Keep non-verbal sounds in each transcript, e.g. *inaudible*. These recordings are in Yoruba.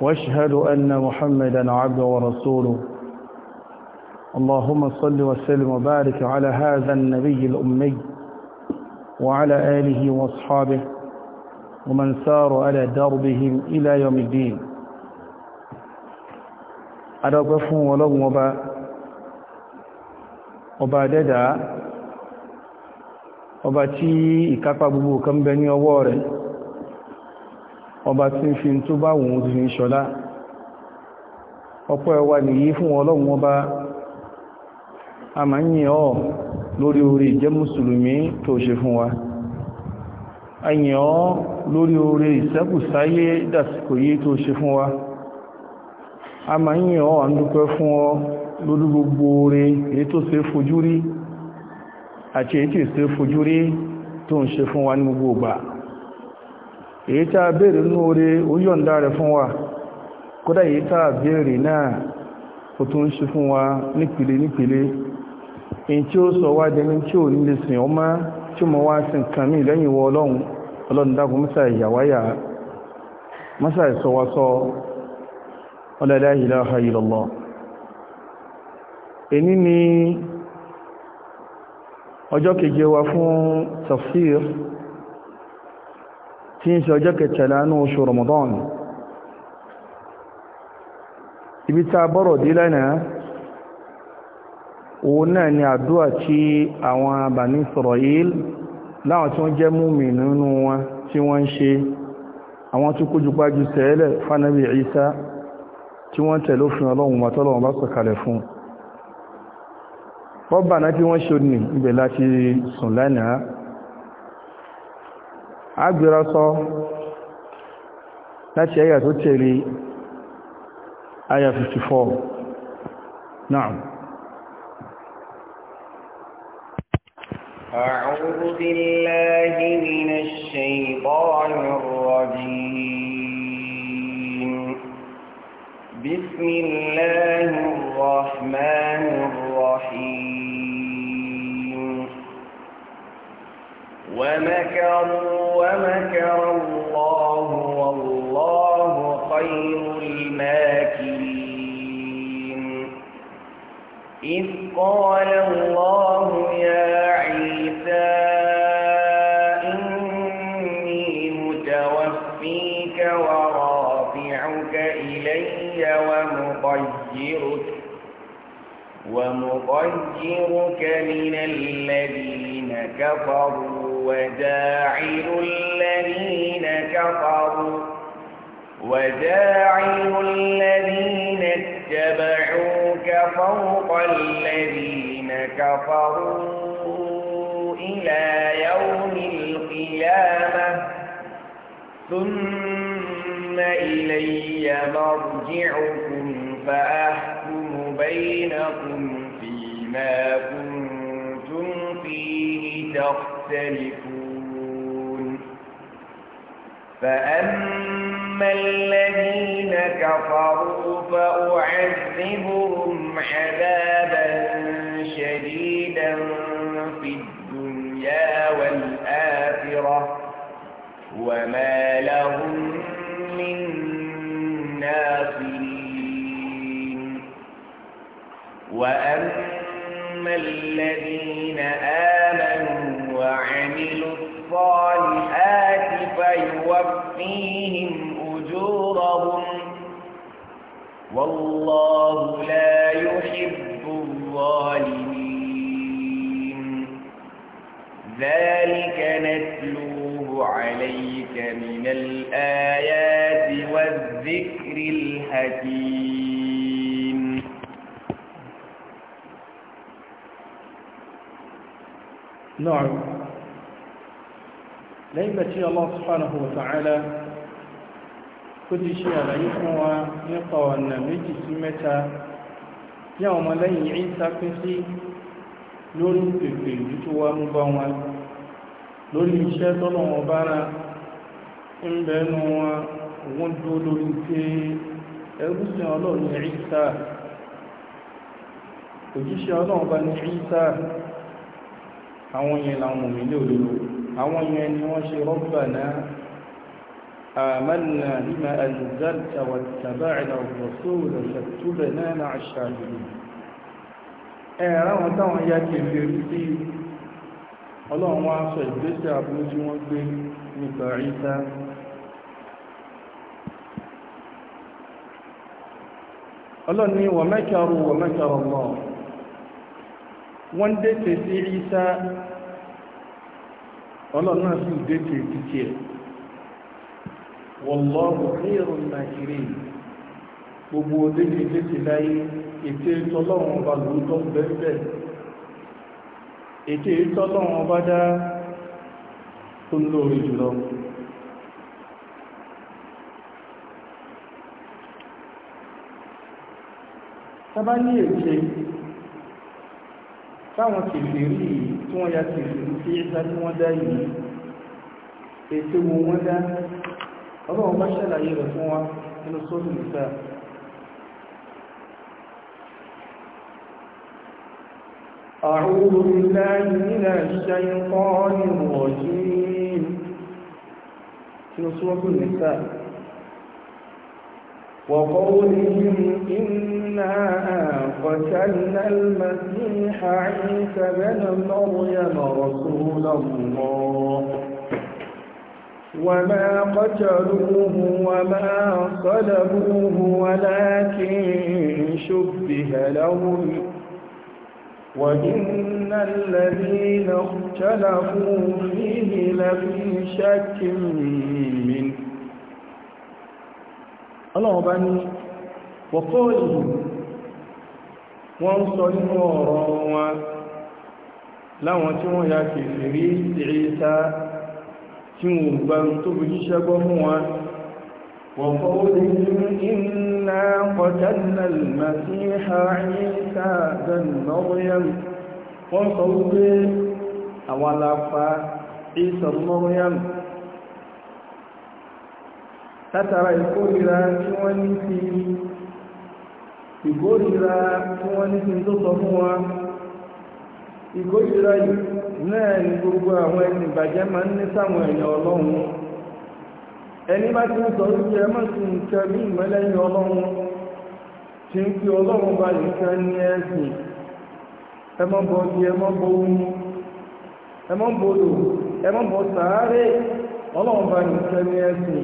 واشهد أن محمدا عبده ورسوله اللهم صل وسلم وبارك على هذا النبي الأمي وعلى آله واصحابه ومن سار على دربهم إلى يوم الدين أدقفهم ولو وبا وبا ددا وبا تي إكاقا ببو كم بني أواري ọba tí ń fi tó bá wọn ti ń ọpọ̀ ẹwà nìyí fún ọlọ́run ọba a ma ń yìn ọ́ lórí orí ìjẹ́ musulmi tó ṣe fún wa a yìn ọ́ lórí orí ìṣẹ́kùsáyé dàsìkò yìí tó ṣe fún wa a ma ń yìn ọ́ fún ọ lórí gbogbo orí èyí tó ṣe fojú rí àti èyí ṣe fojú rí tó fún wa ní gbogbo èyí tá a béèrè nínú oore ó rẹ̀ fún wa kódà èyí tá a béèrè náà ó tún ṣe fún wa nípìlẹ̀ nípìlẹ̀ èyí tí ó sọ wá dẹni tí ò nílé sìn ọ́ tí mo wá sí nǹkan lẹ́yìn wọ ọlọ́run ìyàwáyà ìsọwọ́sọ fún tí ń ṣe ọjọ́ kẹtàlá ní oṣù Ramadan ibi tí a bọ́rọ̀ dé lánàá òun náà ni àdúrà tí àwọn Bani Israil láwọn tí wọ́n jẹ́ múmi nínú wọn tí wọ́n ń ṣe àwọn tó kójú gbájú tẹ́ẹ̀lẹ̀ fánàbí Isa tí wọ́n tẹ̀lé òfin Ọlọ́run mọ́tọ́lọ́run bá sọ̀kalẹ̀ fún un rọ́bà náà tí wọ́n ṣe ní ibẹ̀ láti sùn agbèrọ sọ láti ayà tó tẹ̀lé ayà 54 náà أعوذ بالله من الشيطان الرجيم بسم الله الرحمن الرحيم ومكروا ومكر الله والله خير الماكرين إذ قال الله يا عيسى إني متوفيك ورافعك إلي ومطيرك ومطيرك من الذين كفروا وجاعل الذين كفروا وجاعل الذين اتبعوك فوق الذين كفروا إلى يوم القيامة ثم إلي مرجعكم فأحكم بينكم فيما كنتم فيه تختلفون مختلفون فأما الذين كفروا فأعذبهم عذابا شديدا في الدنيا والآخرة وما لهم من ناصرين وأما الذين آمنوا والله لا يحب الظالمين ذلك نتلوه عليك من الآيات والذكر الحكيم نعم لما تي الله سبحانه وتعالى tó ti ṣe àlàyé fún wa nípa ọ̀nà méjì sí mẹ́ta tí àwọn ọmọlẹ́yìn Ìsá fún sí lórí pèpè ìlú tó wá mú bá wọn lórí iṣẹ́ tọ́nà wọn bá ra wọn òun dúró lórí pé ẹgbùsìn ọlọ́run òjíṣẹ́ ọlọ́run bá ní àwọn yẹn làwọn àwọn yẹn ni wọ́n ṣe náà آمنا بما أنزلت واتبعنا الرسول فاكتبنا مع الشاهدين ẹ̀rọ wọn táwọn ya kèfè rí sí ọlọ́run wá sọ ìgbésẹ̀ àbúrú tí wọ́n gbé nípa ríta ọlọ́run ni wọ́n mẹ́kẹ̀rọ wọ́n mẹ́kẹ̀rọ mọ́ wọ́n dẹ́tẹ̀ sí ríta ọlọ́run náà sì dẹ́tẹ̀ títí ẹ̀ wọ́lọ́rùn kírùn nàìjírí gbogbo olóyìn ìgbésí láyé ètè ìtọ́lọ́wọ́n ọba lóòótọ́ bẹ́ẹ̀ ètè ìtọ́lọ́wọ́n ọba dá tó ń lórí jùlọ tàbá ní ètè táwọn kèfèrí tí wọ́n ya kèfèrí sí ìsá tí wọ́n dá yìí ètè wọn dá هذا هو مسألة أيضا هو في nínú النساء أعوذ بالله من الشيطان الرجيم في سورة النساء وقولهم إنا قتلنا المسيح عيسى بن مريم رسول الله وما قتلوه وما صلبوه ولكن شبه لهم وإن الذين اختلفوا فيه لفي شك منه الله بني وقوله وانصروا وروا لهم تيمون يا كفري عيسى tí wọ́n gbá tó bí jíṣẹ́ gbọ́ fún wọn وقولهم إنا قتلنا المسيح عيسى بن مريم وقولهم أولفا عيسى بن مريم látara ìkórira tí wọ́n ní sí ìkórira tí wọ́n ní sí tó sọ fún wa ìkórira yìí náà ni gbogbo àwọn ẹni ìbàjẹ́ máa ń ní sáwọn ẹ̀yà ọlọ́run ẹni bá ti ń sọ wípé ẹ máa tún kẹ bí ọlọ́run tí ń fi ọlọ́run bá ní ẹ̀sìn ẹ bí ẹ omi ẹ mọ́ ẹ ma sàárè ọlọ́run bá nìkan ní ẹ̀sìn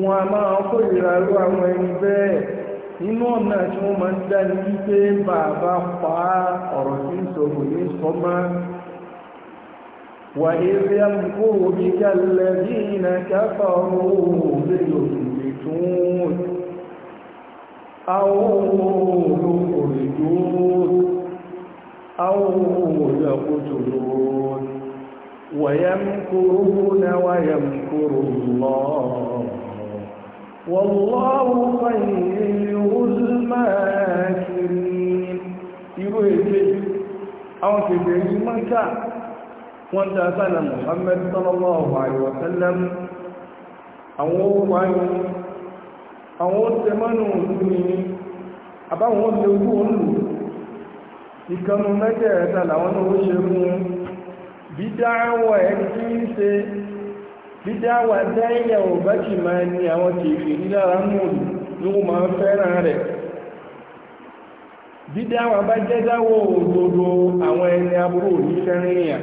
wọn a máa ló àwọn ẹni bẹ́ẹ̀ inú ọ̀nà tí wọ́n máa ń dá ní wípé bàbá pa ọ̀rọ̀ tí ń sọ وإذ يمكر بك الذين كفروا ليثبتون أو يخرجون أو يقتلون ويمكرون ويمكر الله والله خير الماكرين يقول إيه أو تبعي مكان wọ́n dá sánà Muhammad sallallahu alaihi wasallam àwọn ohun ayọ́ àwọn tẹmọ́nù ní àbáwọn olè ojú olù ìkanu mẹ́jẹ̀ẹ́ta làwọn ó ṣe fún bídáwà ẹ̀kí ń ṣe bídáwà dáìyà ò bá kì máa ní àwọn kèfì nílára mọ́lù ní wọ́n máa fẹ́ràn rẹ̀ bídáwà bá jẹ́dáwò òdodo àwọn ẹni aburú ní fẹ́ràn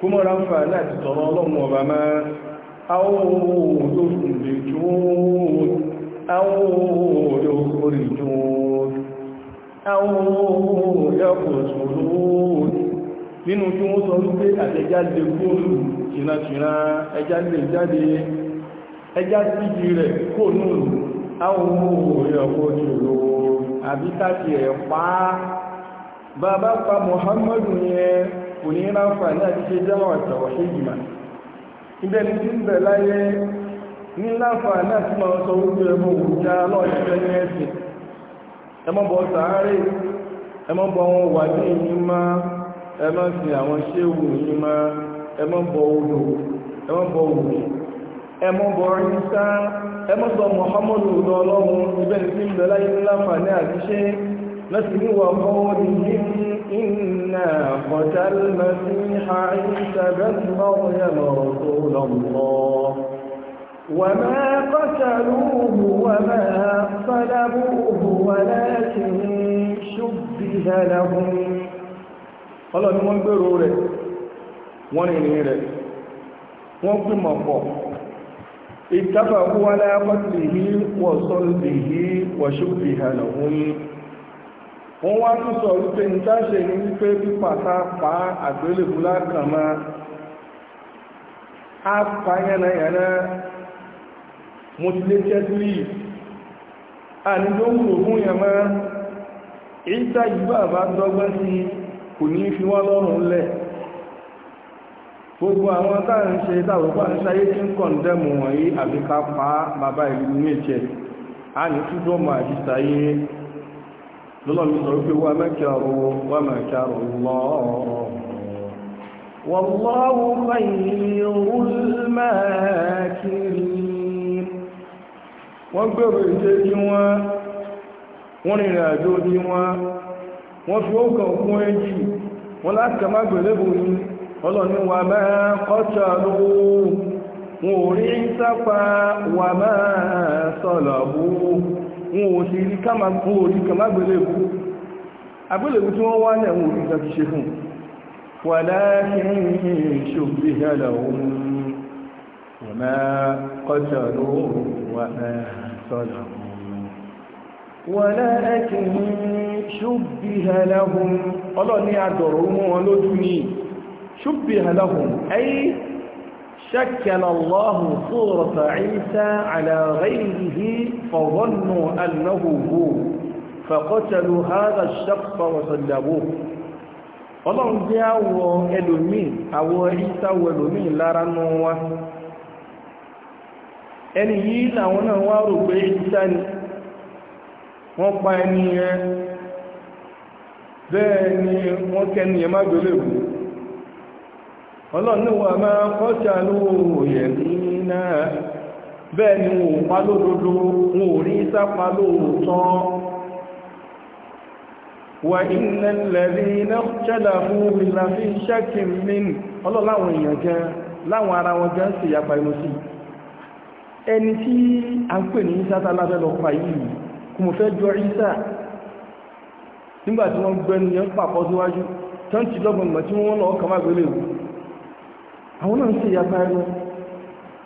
kó mọ́ra ń fà láti tọrọ ọlọ́run ọba máa àwọn nínú kí wọ́n sọ wípé àtẹjáde góòlù ìrìnàṣìrá ẹjá lè jáde ẹjá síjì rẹ̀ kò núrù àwọn òòrùn ọkọ̀ jùlọ àbítàkì ẹ̀ pàá bàbá pa Muhammadu yẹn kò ní ráǹfààní àti ṣe jẹ́mọ̀ àtàwọ̀ ṣe ìgbìmọ̀ ibẹ̀ ni tí ń bẹ̀ láyé ní láǹfààní àti máa sọ wípé ẹmọ òwúrúdá lọ́ọ̀ṣẹ́ ní ẹ̀sìn ẹmọ́bọ̀ sàárè ẹmọ́bọ̀ wọn wà ní ìyímá ẹmọ́sìn àwọn ṣéwù ìyímá ẹmọ́bọ̀ odò ẹmọ́bọ̀ òwú ẹmọ́bọ̀ ríṣá ẹmọ́bọ̀ Muhammadu ọlọ́run ibẹ̀ ni tí ń bẹ̀ láyé ní láǹfààní àti ṣe مثل وقولهم إنا قتل مسيح عيسى بن مريم رسول الله وما قتلوه وما صلبوه ولكن شبه لهم قال لهم انبروا لك وانيني لك وانكم مقام اتفقوا على قتله وصلبه وشبه لهم wọ́n wá tún sọ wípé ní táṣe ní wípé pípàtà pa àgbélébù lákàn máa á pa yánnayànna motivated leave àníjó ń rò fún yàmá ìta ìgbà bá dọ́gbọ́n sí kò ní fi wọ́n lọ́rùn lẹ̀ gbogbo àwọn táà ń ṣe tàbùpá ń ṣayé tí ń kọ̀ndẹ̀mù wọ̀nyí àbíká pa bàbá ìlú a ní túnjọ́ mọ̀ lọ́nà mi sọ wípé wà mẹ́kẹ̀rọ wà mẹ́kẹ̀rọ lọ́ọ̀rọ̀ wàláwù fàyínrúlmákìrí wọ́n gbèrò ìṣẹ́ tí wọ́n wọ́n rìnrìn àjò ní wọ́n wọ́n fi ó kàn kún ẹjì wọ́n láti má gbèlébù ní ọlọ́ni wà máa kọ́ta lówó wọn rí sápa wà máa sọ̀lọ̀ wọn ò sì rí káàmà fún orí kàmá gbélébú agbélébú tí wọ́n wá náà wọn ò rí ṣe fún wà láàrin ṣògbé hẹ́lẹ̀ ohun wọ́n máa kọjọ lóòrùn wà náà شكل الله صورة عيسى على غيره فظنوا أنه هو فقتلوا هذا الشخص وصلبوه ọlọ́run jẹ́ àwọ̀ ẹlòmíì àwọ̀ ìsáwọ̀ ẹlòmíì lára nù wá ẹni yìí làwọn náà wá rò pé ìsá ni wọ́n pa ẹni yẹn bẹ́ẹ̀ ni wọ́n kẹ́ni yẹn má gbélébùú ọlọ́ni wà máa kọ́ta lóòyẹ̀ nínà bẹ́ẹ̀ ni wọ́n pa lódodo wọn ò rí sápa lóòótọ́ wà iná lẹ́rí iná ṣẹ́lá fún ìlà fi ṣẹ́kì mín ọlọ́láwọn èèyàn gan láwọn ara wọn gan sì yapa inú sí ẹni tí a pè ní sáta lábẹ́ lọ pa yìí kò mọ̀ fẹ́ jọ ìsá nígbàtí wọ́n gbẹ́nu yẹn pàpọ̀ síwájú tán lọ́gbọ̀n mọ̀ tí wọ́n lọ kàmá ìwò àwọn náà ń ṣe ìyapa ẹnu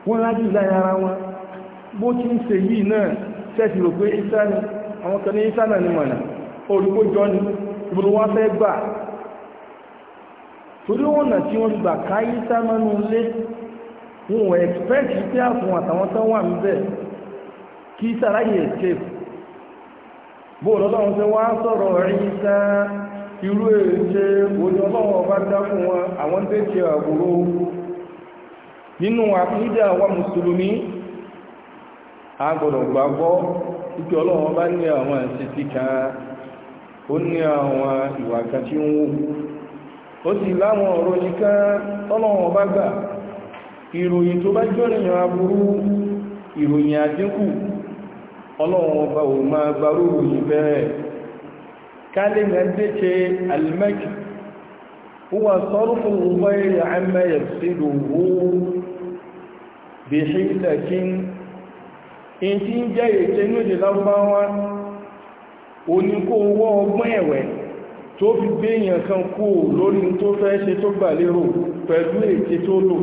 wọ́n rájú láyé ara wọn bó ti ń se yìí náà tẹ́sì rò pé ìsáni àwọn kan ní ìsánà ni mọ̀nà olùkójọ́ ni ìbùdó wọ́n fẹ́ gbà torí ọ̀nà tí wọ́n gbà káyí sámánú lé wọn ò expect pé àfún àtàwọn tán wà níbẹ̀ kí sàráyè escape bó lọ́lọ́run tẹ́ wá sọ̀rọ̀ ẹ̀yìn sá irú èṣe òní ọlọ́run ọba dá fún wọn àwọn tẹ́ ṣe àbúrò nínú àkídà wa mùsùlùmí a gbọ́dọ̀ gbàgbọ́ ìpé ọlọ́run bá ní àwọn ka. O ó ní àwọn ìwà kan ń wò ó sì láwọn ọ̀rọ̀ yìí kan tọ́lọ́run bá gbà ìròyìn tó bá jọ́rìyàn aburú ìròyìn àdínkù ọba bí ṣílẹ̀kín in tí ń jẹ́ ètẹ́ ní èdè lábáwá oníkó owó ọgbọ́n ẹ̀wẹ̀ tó fi gbé èèyàn kan kó lórí tó fẹ́ ṣe tó gbà lérò pẹ̀lú ètè tó lò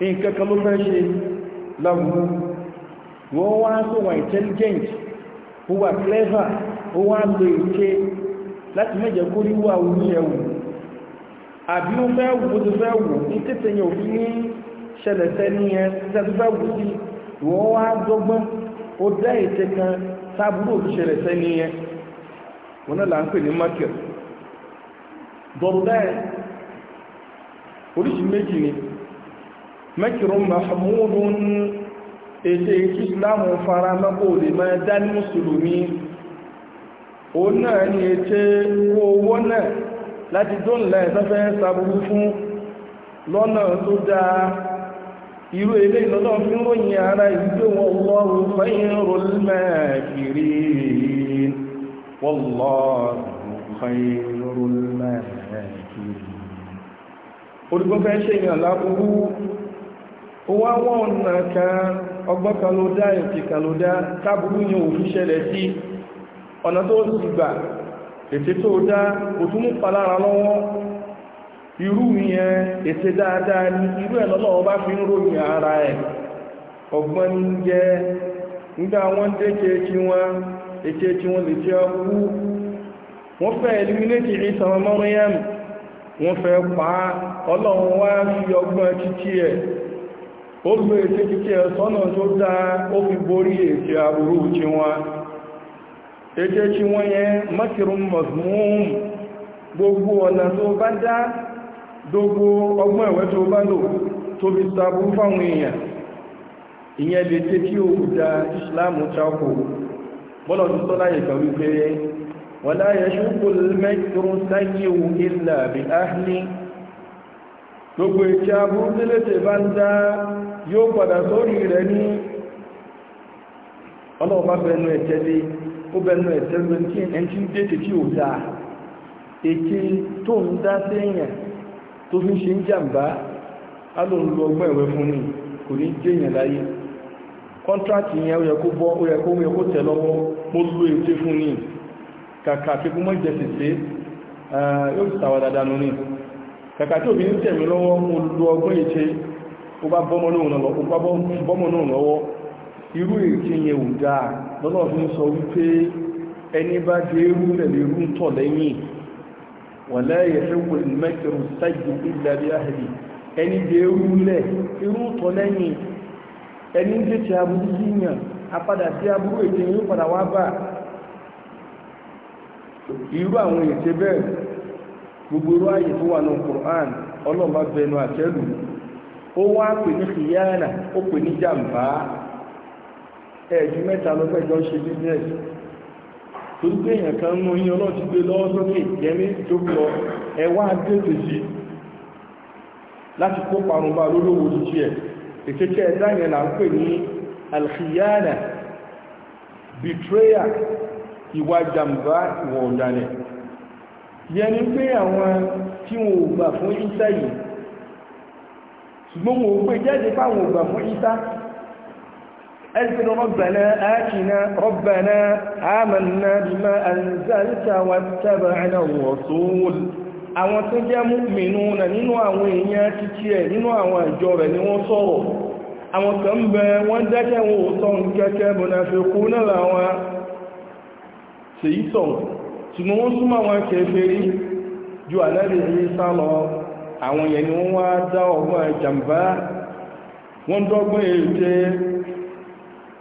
intelligent clever lo àbí fẹ́ wù ṣẹlẹ̀ sẹ́ni yẹn sẹ́túfẹ́ wù sí ìwọ́n wá dọ́gbọ́n ó dá ète kan sábúrò tó ṣẹlẹ̀ sẹ́ni yẹn wọn náà là ń pè ní market dọ̀rọ̀dá oríṣìí méjì ni mẹ́kìrún mahmudun ètè ìkí islamu fara mọ́kò lè máa dá mùsùlùmí o náà ni ètè owó náà láti dónlẹ̀ sẹ́fẹ́ sàbúrú fún lọ́nà tó dáa irú ilé ìlọ́lọ́ fi ń ròyìn ara ìgbé wọn lọ́rù fẹ́yìnrò mẹ́kìrí olùgbọ́fẹ́ ṣe èèyàn lábúrú ó wá wọ́n ọ̀nà kan ọgbọ́n kan tábúrú yẹn òfin ṣẹlẹ̀ sí ọ̀nà tó sì gbà irú yẹn ètè dáadáa ní irú ẹ̀ lọ́lọ́wọ́ bá fi ń ròyìn ara ẹ̀ ọgbọ́n ní jẹ́ nígbà wọ́n dékè tí wọ́n ètè tí wọ́n lè jẹ́ kú wọ́n fẹ́ eliminate wọ́n fẹ́ pa ọlọ́run wá fi ọgbọ́n títí ẹ̀ ó gbé ètè títí ẹ̀ sọ́nà tó ó fi borí ètè yẹn mọ́kìrún gbogbo ọ̀nà tó bá dá gbogbo ọgbọ́n ẹ̀wẹ́ tó bá lò tó fi sàbú fáwọn èèyàn ìyẹn lè tẹ́ kí òkú da ìsìláàmù chákò bọ́lọ̀ tó tọ́lá ìkà wípé wọ́n láyé ṣúkú mẹ́kìrún sáyéwu ilà bí áhìlì gbogbo ìkí abúrú tẹ́lẹ̀tẹ̀ bá ń dá yóò padà sórí rẹ̀ ní ọlọ́ọ̀bá bẹnu ẹ̀tẹ́lé ó bẹnu ẹ̀tẹ́lé tí ń dé tẹ́ tó fi ń ṣe ń jàǹbá alóòrùn ọgbọ́n ẹ̀wẹ́ fún ní kò ní jẹ́yàn láyé kọ́ntrátì yẹn ó yẹ kó bọ́ ó yẹ kó wọ́n kó tẹ̀ lọ́wọ́ mo ló ète fún ní kàkà fi kú mọ́ ìjẹsìsé eh, yóò ti tàwà dandanú ní kàkà tí òbí ń tẹ̀mí lọ́wọ́ mo lo ọgbọ́n ète ó bá bọ́mọ́ náà lọ́wọ́ irú ète yẹn ò dáa lọ́nà fi ń sọ wípé ẹni bá dé rú lẹ̀lẹ́rú ń tọ̀ lẹ́yìn wàlá yẹ̀ṣẹ́kù mẹ́kẹ̀rù sájú ilẹ̀ bí ahìlì ẹni jẹ́ rúlẹ̀ irú tọ́ lẹ́yìn ẹni jẹ́ ti aburú síyàn apadà sí aburú ètè yóò padà wá bá irú àwọn ètè bẹ́ẹ̀ gbogbo irú ayé tó wà ní Qur'an ọlọ́ọ̀bá bẹnu àtẹ́lù ó wá pè ní kìyànà ó pè ní ẹ̀jú mẹ́ta lọ́pẹ́jọ́ ṣe torí pé èèyàn kan mú yín ọlọ́run ti gbé lọ́wọ́ sókè yẹmí tó lọ ẹwà dètè sí láti kó parun bá lólówó jíjí ẹ̀ ìkẹ́kẹ́ ẹ̀dá yẹn là ń pè ní alkhiyana betrayal ìwà jàmbá ìwà ọ̀dàlẹ̀ yẹni pé àwọn tí wọn ò gbà fún ìsá yìí ṣùgbọ́n wọn ò pé jáde fáwọn ò gbà fún ìsá أذن ربنا آتنا ربنا آمنا بما أنزلت واتبعنا الرسول àwọn tó jẹ́ múmìnú nà nínú àwọn èèyàn wuli. ẹ̀ nínú àwọn àjọ rẹ̀ ni wọ́n sọ̀rọ̀ àwọn kan bẹ wọ́n dákẹ́ wọn ò sọ nkẹ́kẹ́ bọ̀nàfikú náà láwọn tèyí sọ̀rọ̀ wọ́n súnmọ́ àwọn kèfèrí ju ànábì wọ́n wá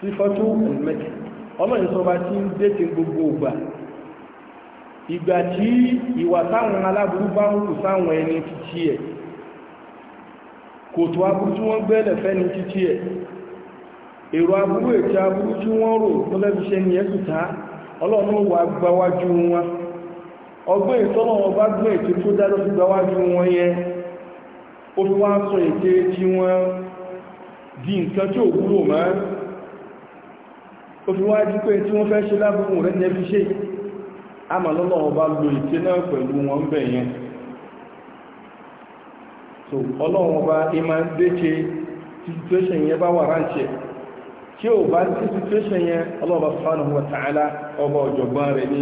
sífọ́tú ẹ̀lmẹ́tì ọlọ́yìn sọba tí ń déte gbogbo ògbà ìgbà tí ìwà táwọn aláburú bá rúrù sáwọn ẹni títí ẹ̀ kòtò aburú tí wọ́n gbẹ́lẹ̀ fẹ́ni títí ẹ̀ èrò aburú ètò aburú tí wọ́n rò tó lẹ́bíṣẹ́ ni ẹ́sùta ọlọ́run wà gbáwájú wọn ọgbọ́n ìtọ́nà ọba gbọ́n ètò tó dájọ́ ti gbáwájú wọn yẹn ó fi wá sọ ète tí wọ́n di nǹkan tí ò wúlò máa òfíwájú pé tí wọ́n fẹ́ ṣe lábúrún rẹ̀ jẹ́ fi ṣe àmà ọba lo ìtẹ́ náà pẹ̀lú wọn bẹ̀ yẹn so ọba ima ń tí situation yẹn bá wà ránṣẹ́ tí ò bá sí situation yẹn ọlọ́ọ̀bá ta'ala ọba ọ̀jọ̀gbọ́n rẹ̀ ní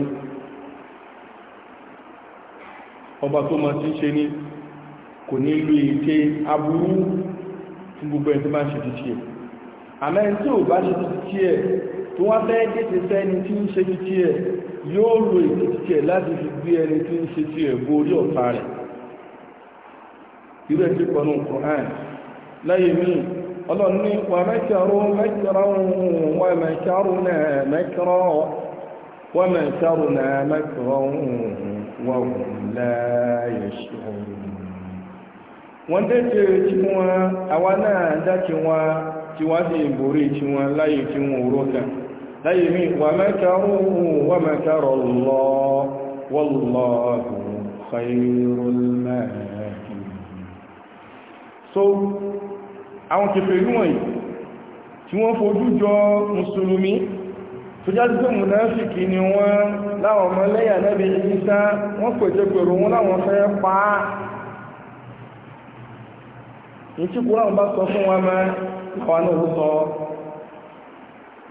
ọba tó ma ti ṣe ní kò ní lo ìtẹ́ aburú fún gbogbo ẹ̀ tí tí wọ́n fẹ́ dìtì sẹ́ni tí ń ṣe títí ẹ̀ yóò lo ìtìtì ẹ̀ láti fi gbé ẹni tí ń ṣe tí ẹ̀ borí ọ̀tá rẹ̀ irú ẹ̀tí pẹ̀lú Qur'an láyé mi wà mẹ́kẹ̀rọ wọ́n dẹ́jẹ́ tí wọ́n náà wọ́n tí wọ́n sì borí tí wọ́n láyé tí wọ́n láyé mi wà mẹ́kẹrù wà mẹ́kẹrù lọ so àwọn kèfèrí wọ̀nyí tí wọ́n fojú jọ mùsùlùmí tó jáde pé mùnáfíkì ni wọ́n láwọn ọmọ lẹ́yà Nábì Ìsá wọ́n pẹ̀jẹ́ pẹ̀rọ wọn láwọn fẹ́ pàá ní tí kúrò bá sọ fún wa mẹ́ àwọn sọ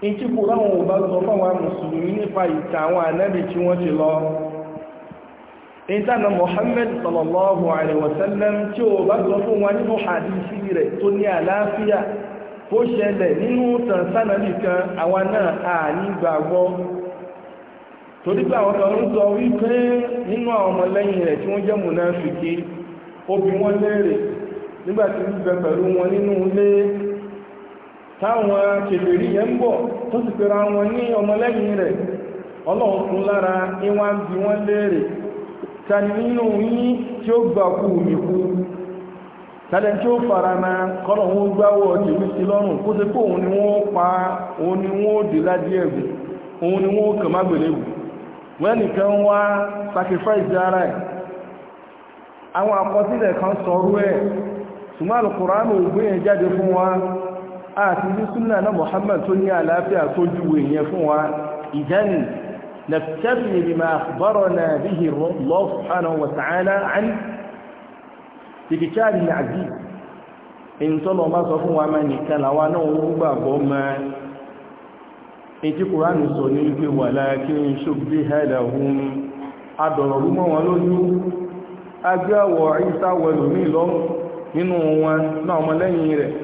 ìtí kò ráwọn ọba sọ fáwọn mùsùlùmí nípa ìtà àwọn ànábì tí wọ́n ti lọ Muhammad sallallahu alaihi tí ó bá sọ fún wọn nínú hadisi rẹ̀ tó ní àlàáfíà ó ṣẹlẹ̀ nínú tànsánà nìkan àwọn náà à ní gbàgbọ́ torí pé àwọn kan ń sọ wípé nínú àwọn ọmọlẹ́yìn rẹ̀ tí wọ́n jẹ́ nígbàtí wọn nínú ilé táwọn kèbèrè yẹn bọ̀ tó sì pèrà wọn ní ọmọlẹ́yìn rẹ̀ ọlọ́run fún lára ìwá ń bí wọ́n léèrè ta nínú yí tí ó gbà kú nìkú tàbí tí ó fara na kọ́lọ̀hún ó gbáwọ̀ tèmi sí lọ́rùn kó ṣe pé òun ni wọ́n pa òun ni wọ́n dè ládí ẹ̀gùn òun ni wọ́n kàn mágbèlébù wọ́n nìkan wá sacrifice ara ẹ̀ àwọn àkọsílẹ̀ kan sọrú ẹ̀ ṣùgbọ́n alùkùránù yẹn jáde fún wa àti ní súnà náà Muhammad tó ní àlàáfíà tó júwe yẹn fún wa ìdánì نبتغي بما أخبرنا به الله سبحانه وتعالى عن تكتاب العزيز in tọ́lọ bá sọ fún wa máa nìkan làwa ma sọ ní wípé wà láàkín ṣùgbé mọ́ wọn rẹ̀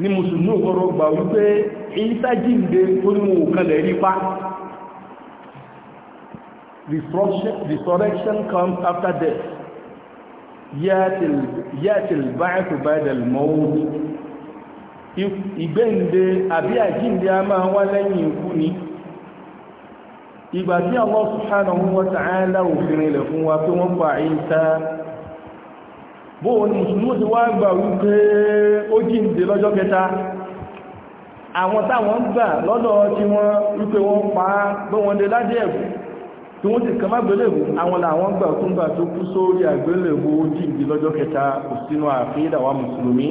ní musulmi ògbọ́rọ̀ gbà wípé ìsájínde tó ní mú kalẹ̀ rípa resurrection comes after death yàtìl báyàtù báyàtìl mọ́wúrú ìgbẹ́ǹde àbí àjínde a máa wá lẹ́yìn ikú ni ìgbà tí Allah subhanahu wa ta'ala òfin ilẹ̀ fún wa pé wọ́n pa ìta bóò ni mùsùlùmí ti wá gbà wípé ó jíǹde lọ́jọ́ kẹta àwọn táwọn gbà lọ́dọ̀ tí wọ́n wípé wọ́n pa bí wọ́n dé ládé ẹ̀bù tí wọ́n ti kàn má gbélébù àwọn làwọn gbà tún gbà tó kú sórí àgbélébù ó jíǹde lọ́jọ́ kẹta kò sínú àfihàn àwọn mùsùlùmí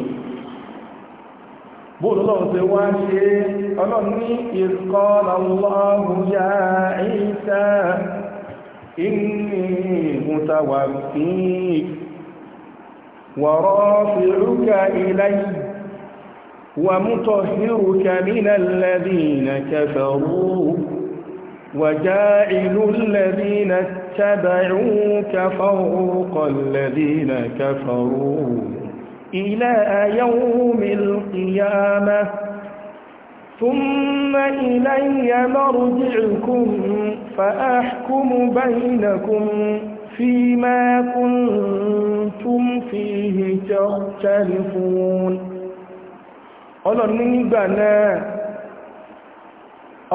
bóòlọ́lọ́run ti wá ṣe ọlọ́run ní ìkọlọ̀lọ́run yá ìsá ìní mutawaffik ورافعك إليه ومطهرك من الذين كفروا وجاعل الذين اتبعوك فوق الذين كفروا إلى يوم القيامة ثم إلي مرجعكم فأحكم بينكم فيما كنتم فيه تختلفون ọlọ́run ní nígbà náà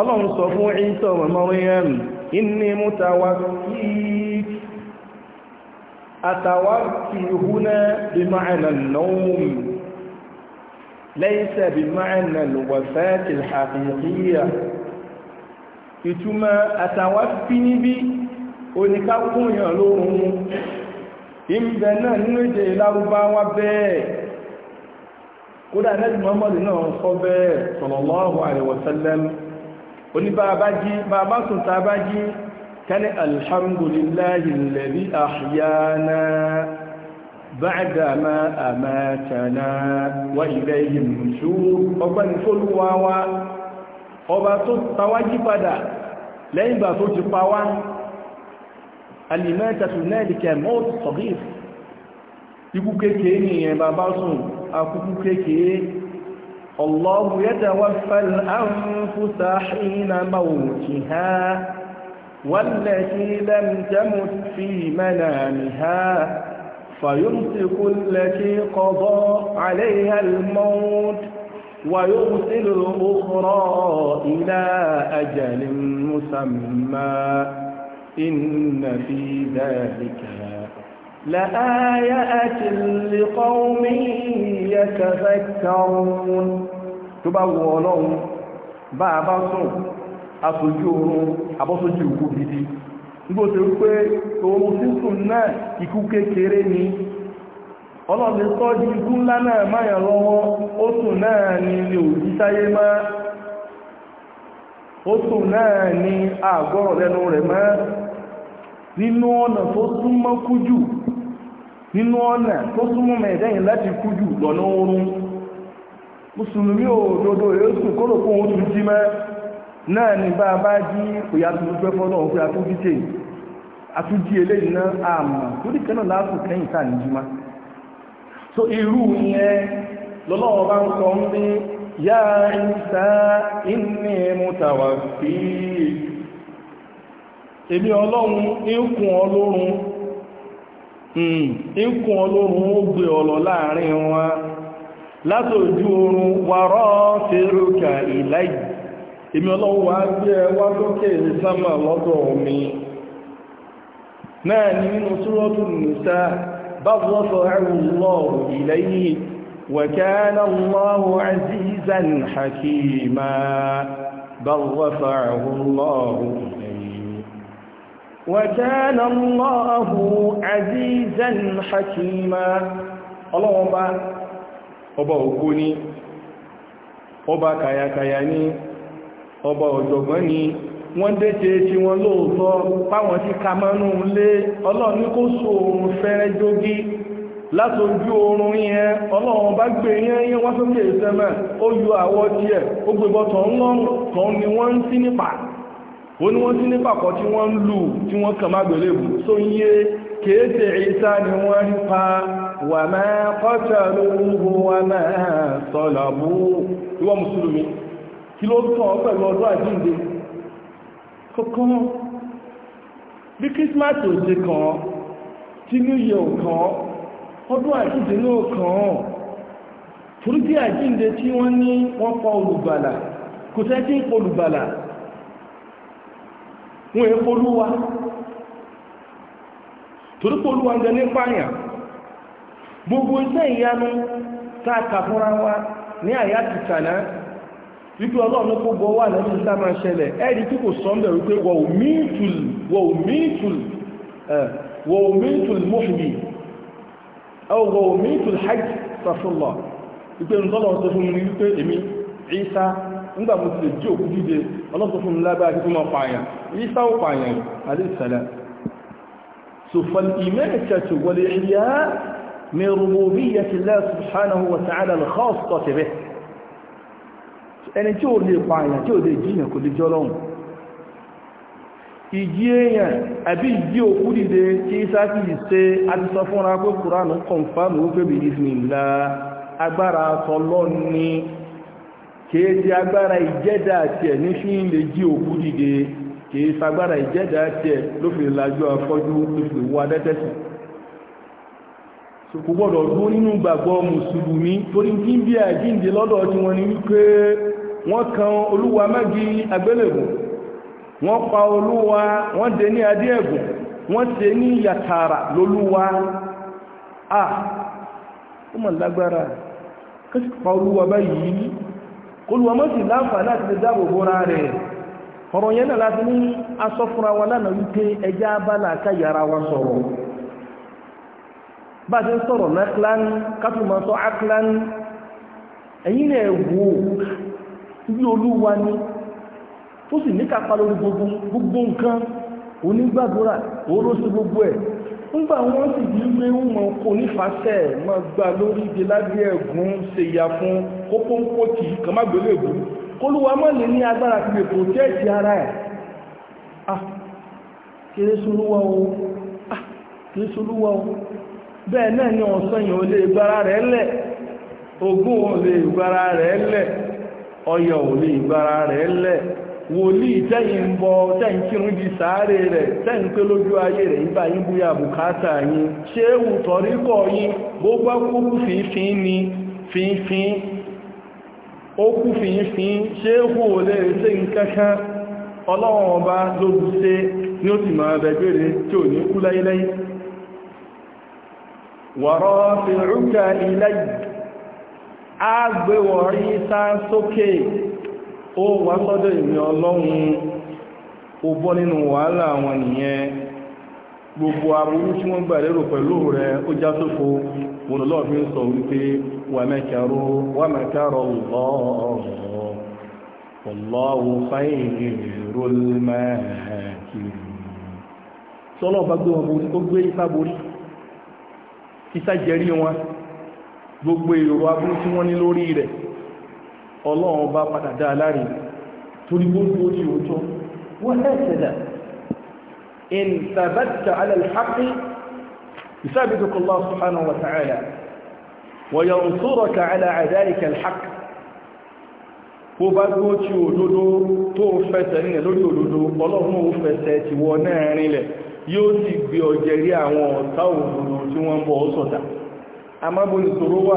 ọlọ́run sọ fún Ìsá ọmọ Maryam inni mutawaffik atawaffi huna bi ma'na an-nawm laysa bi ma'na al-wafati al-haqiqiyya ìtumọ̀ atawaffi níbi oníká kúnyàn lóhun ìbẹ̀ náà nínú èdè lárúbáwá bẹ́ẹ̀ kódà nẹ́bí mọ́mọ́dé náà sọ bẹ́ẹ̀ sallallahu alaihi wasallam oníbàbájí bàbá sùn tàbájí kẹ́ni alhamdulillahi alladhi ahyana ba'dama amatana wa ilayhi nushur ọgbẹ́ni fólúwa wa ọba lẹ́yìn ìgbà tó ti pa wá alìmẹ́ta tó nẹ́ẹ̀dìkẹ́ mọ́ọ̀tù sọ̀gíf ikú kéèkéé ní ìyẹn bàbá sùn akúkú kéèkéé Allahu yatawaffal anfusa hina mawtiha wallati lam tamut fi manamiha فيمسك التي قضى عليها الموت ويرسل الأخرى إلى أجل مسمى إن في ذلك لآيات لقوم يتفكرون تبوا ولهم bàbá sùn aṣojú oorun abọ́sójú nígbò tí ó pé oorun sísùn náà ikú kékeré ni ọlọ́dún sọ ikú ńlá náà máyàn lọ́wọ́ ó sùn náà ni ni òjí má ó sùn náà ni àgọ́rọ̀ lẹ́nu rẹ̀ máa nínú ọ̀nà tó súnmọ́ kú jù nínú ọ̀nà tó súnmọ́ mẹ̀ẹ́dẹ́yìn láti kú jù lọ́nà oorun mùsùlùmí òdodo yóò sùn kó lòpó ohun náà ni bá bá jí òyà tó eléyìí náà àmà lórí kan náà kẹ́yìn ní jí èmi ọlọ́run ìkùn ọlọ́run ìkùn hmm, ọlọ́run ó gbé ọlọ́ láàrin wọn látòjú oorun wàrọ́ fèrúkà ìláì èmi ọlọ́run wà gbé ẹwà lókè sámà lọ́dọ̀ mi náà ni nínú وكان الله عزيزا حكيما ọlọ́wọ́n bá ọba òkú ní ọba kàyàkàyà ní ọba ọ̀jọ̀gbọ́n ní wọ́n dẹ́tẹ̀ tí wọ́n lóòtọ́ páwọn tí ka mọ́nú lé ní kó so oòrùn fẹ́rẹ́ jógí látojú oòrùn yẹn ọlọ́wọ́n bá gbé yẹn wọ́n ó ní wọ́n tí ní pàkọ́ tí wọ́n ń lù tí wọ́n kàn má gbẹ̀lẹ́bù tó ń yé kéèsè ìsá ni wọ́n ń pa wà máa qataluhu wà máa salabu ìwọ mùsùlùmí kí ló tàn pẹ̀lú ọdún àjíǹde kọ́kọ́ bí Christmas ò ṣe kàn tí new year ò kàn ọdún àjíǹde náà kàn torí tí àjíǹde tí wọ́n ní wọ́n pa olùgbàlà kò sẹ́ tí ń polùgbàlà wọn èé polúwa torí polúwa ń jẹ ní pààyàn gbogbo iṣẹ́ ìyanu tá a kà fúnra wa ní àyà tìtànà wípé ọlọ́run kó gbọ́ wà lẹ́nu ìta máa ṣẹlẹ̀ ẹ̀rí tí kò sọ ń bẹ̀rù pé wọ̀ mìítùl wọ̀ mìítùl wọ̀ mìítùl nígbà mo ti lè jí òkú díde ọlọ́pọ̀ fún lábára kí tó máa pààyàn isa ó pààyàn alẹ́sàlá so fal'imanatu wal ihya min rububiyyati Allah subhanahu wa ta'ala al-khassati bih ẹni tí ó lè ti ṣe àti kìí ti agbára ìjẹ́dà tiẹ̀ ní fi ń lè jí òkú dìde kìí sagbára ìjẹ́dà tiẹ̀ ló fi lajú afọ́jú ló fi wọ adẹ́tẹ̀sì kò gbọ́dọ̀ dún nínú gbàgbọ́ mùsùlùmí torí kí n bí àjíǹde lọ́dọ̀ tí wọ́n ní wípé wọ́n kan olúwa mẹ́gi wọ́n pa olúwa wọ́n dé ní adé wọ́n tẹ ní yàtàrà lólúwa ah ó mọ̀ lágbára kí pa olúwa báyìí olùwọ́mọ́sì láǹfà láti lè dáàbò bóra rẹ̀ ọ̀rọ̀ yẹn náà láti ní asọ́fúnra wa lánàá wípé ẹjá abala káyàrá wa sọ̀rọ̀ bá ti ń sọ̀rọ̀ náklán kátùmọ̀ sọ áklán ẹ̀yìn rẹ̀ wò bí olúwa ni tó sì ní kápá lórí gbogbo nǹkan onígbàdúrà oró sí gbogbo ẹ̀ ńgbà wọ́n sì bí wé mọ̀ kò nífàṣẹ́ mọ́ gbà lórí ibi lábẹ́ ẹ̀gún ṣe ìyà fún kókóńkó tì í kàn má gbélé ègbú kólúwa mọ́ lè ní agbára ti lè protect ara ẹ̀ ah kéré solúwa o ah kéré solúwa o bẹ́ẹ̀ náà ni ọ̀sán yìí ò lè gbára rẹ̀ lẹ̀ ogún ò lè gbára rẹ̀ lẹ̀ ọyọ̀ ò lè gbára rẹ̀ lẹ̀ wòlíì tẹ́yìn ń bọ di sàárè rẹ̀ tẹ́yìn pé lójú ayé rẹ̀ ìgbà yín búyà bùkátà yìí ṣé ewu gbogbo kúrú fífín ni fífín ó fífín ṣé ewu ò lè ṣe ṣe ó sì máa bẹ̀gbẹ̀rẹ̀ tí ò ní kú láyéláyé wọ̀rọ̀ fìrúkà ilẹ̀ àgbẹ̀wọ̀rí sá sókè ó wá sọ́dọ̀ ìmì ọlọ́run ó bọ́ nínú wàhálà àwọn nìyẹn gbogbo aburú tí wọ́n gbà pẹ̀lú rẹ̀ ó já sófo wọn sọ wípé wà mẹ́kẹ̀rọ wà gbogbo èrò aburú tí wọ́n ní lórí rẹ̀ ọlọ́run bá padà dá aláre torí gbogbo ní òótọ́ wọ́n ẹ̀sẹ̀dà in tàbátà alàlhàkí ìsábìtùkù Allah subhanahu wa ta'ala wa yansuraka ala adaika alhaq kó bá gbó tí òdodo tó fẹsẹ̀ nílẹ̀ lórí òdodo ọlọ́run ó fẹsẹ̀ ti gbé ọjẹ́ àwọn ọ̀tá òdodo tí wọ́n bọ̀ ọ́ sọ̀tà amábòlùsọ̀rọ̀ wà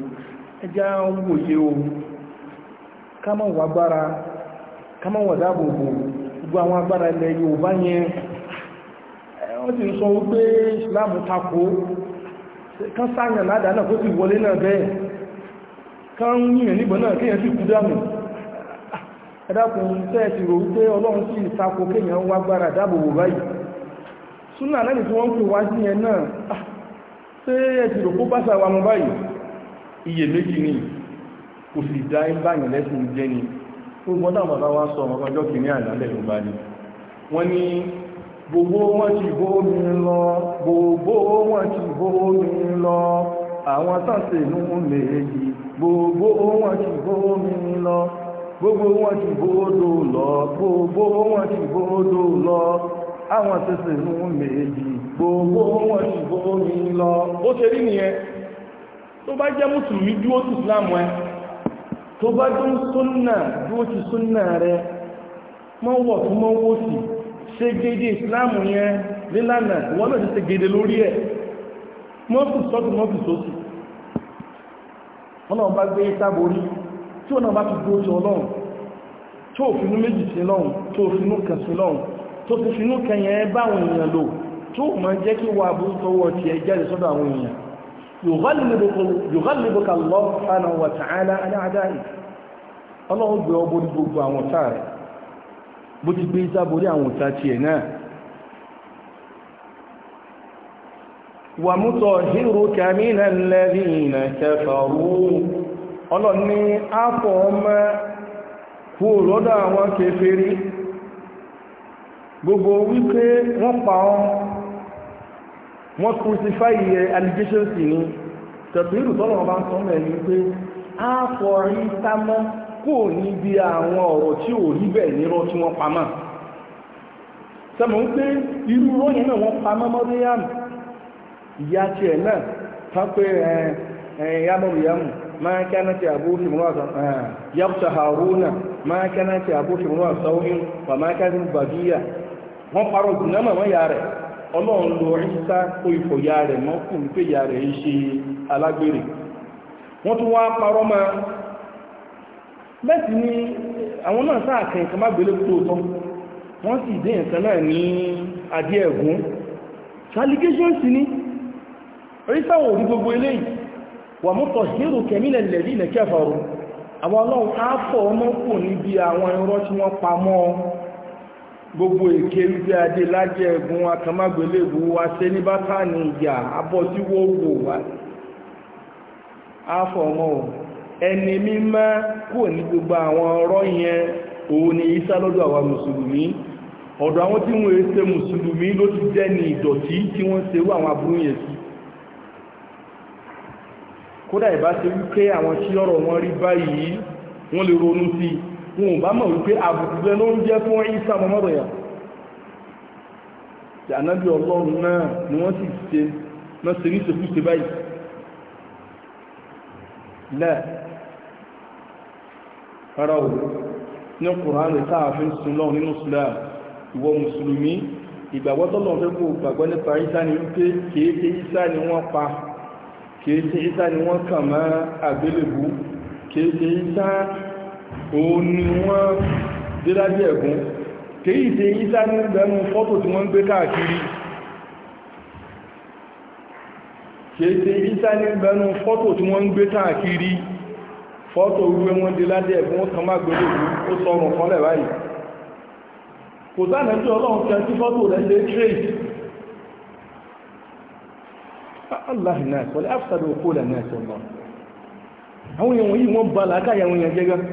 ẹjá wòye o kámọ̀ wà gbára kámọ̀ wà gbogbo àwọn agbára ilẹ̀ yẹn wọ́n ti sọ wípé Islam tako sáyàn ládàá náà kó wọlé náà bẹ́ẹ̀ yìnyàn níbọn náà sì kú ẹ̀dàkùn tẹ́ ti rò wípé Ọlọ́run sì tako gbára báyìí súnà lẹ́yìn tí wọ́n ń pè wá sí yẹn náà ah, ṣé ti rò kó bá báyìí iye méjì ní kò sì dá ìbáyìn lẹ́sìn jẹ́ ni ó gbọ́dá bàbá wá sọ ọmọ ọjọ́ kìíní àìlálẹ̀ ló bá ní wọ́n ní gbogbo wọn ti bó mi lọ gbogbo wọn ti bó mi lọ àwọn sàṣẹ̀nú méjì gbogbo wọn ti bó mi lọ gbogbo wọn ti bóódò lọ gbogbo wọn ti bóódò lọ àwọn sàṣẹ̀nú méjì gbogbo wọn ti bó mi lọ ó ṣe rí nìyẹn tó bá jẹ́ mùsùlùmí dúó ti islamu ẹ tó bá dún súnnà dúó ti súnnà rẹ mọ́ wọ̀ fún mọ́ wó sí ṣe gẹ́gẹ́ islamu yẹn nílànà wọ́n náà ti ṣe gẹ́gẹ́ lórí ẹ̀ mọ́fù sọ́tù mọ́fù sósì ọlọ́run bá gbé sáborí tí wọ́n náà bá ti dúó sí ọlọ́run tó òfinú méjì sí lọ́run tó òfinú kan sí lọ́run tó òfinú kan yẹn báwọn èèyàn lò tó mọ̀ jẹ́ kí wà bó tọwọ́ ti ẹ jáde sọ́dọ̀ àwọn èèyàn yùgọ́lìbùkà lọ sánà wà tààlà aláàdáyì ọlọ́run gbé ọ borí gbogbo àwọn ọ̀tá rẹ̀ bó ti gbé ìsá borí àwọn ọ̀tá tiẹ̀ náà wà mútọ̀ hírò kàmínà gbogbo wọ́n crucify yẹ allegation sí ni tẹ̀tùrú tọ́lọ̀ ọba ń sọ́nà ẹni pé a fọrí sámọ́ kò níbi àwọn ọ̀rọ̀ tí ò rí bẹ́ẹ̀ nírọ́ tí wọ́n pamọ́ sọmọ ń pé irú ròyìn náà wọ́n pamọ́ mọ́ríyàmù ìyá tiẹ̀ náà tán pé ẹ̀yà mọ́ríyàmù máa kẹ́nà tí àbú fi mọ́ àtọ́ yàpùtà haruna máa kẹ́nà tí àbú fi mọ́ àtọ́ wọ́n máa kẹ́nà tí ọlọ́run lo ìsá kó ìfòyà rẹ̀ mọ́kùn pé ìyà rẹ̀ ń ṣe alágbèrè wọ́n tún wá parọ́ ma bẹ́ẹ̀sì ni àwọn náà sáàkẹ́ ìkan má gbélé tó tọ́ wọ́n sì dé ìkan náà ní adí ẹ̀gún allegation sí ní ìsá ò rí gbogbo èké wípé adé lájẹ ẹ̀gún akamágbélébù wa ṣe ní bátánì ìyà abọ́ tí wọ́n wò wá àfọ̀mọ́ ẹni mímọ́ kúrò ní gbogbo àwọn ọ̀rọ̀ yẹn òun ni isa lọ́dọ̀ àwa mùsùlùmí ọ̀dọ̀ àwọn tí wọ́n ṣe mùsùlùmí ló ti jẹ́ ní ìdọ̀tí tí wọ́n ṣe wá àwọn aburú yẹn sí kódà ìbá wípé àwọn tí ọ̀rọ̀ wọn rí báyìí wọ́n lè ronú sí i wọn ò bá mọ̀ wípé àbùkùgbẹ́ ló ń jẹ́ fún ìsà mọ́mọ́rọ̀ yà tí ànábì ọlọ́run náà ni wọ́n sì ṣe náà ṣe ní ṣekú ṣe báyìí lẹ́ ara ò ní kùránì táàfin súnlọ nínú sùlá ìwọ mùsùlùmí ìgbàgbọ́ tọ́lọ̀ fẹ́ kó gbàgbọ́ nípa ìsà ni wípé kéèké ìsà ni wọ́n pa kéèké ìsà ni wọ́n kàn mọ́ àgbélébú kéèké ìsà òun ni wọ́n délájẹ́ ẹ̀gún kèyí ṣe ìsá ní ìgbẹ̀nu fọ́tò tí wọ́n ń gbé káàkiri fọ́tò tí wọ́n ń gbé ẹ̀gún ó kàn má gbélé ó sọrùn kan lẹ̀ báyìí kò sáàlẹ̀ tí ọlọ́run kẹ tí fọ́tò rẹ̀ trace afẹ́sàdọ̀ òkú rẹ̀ náà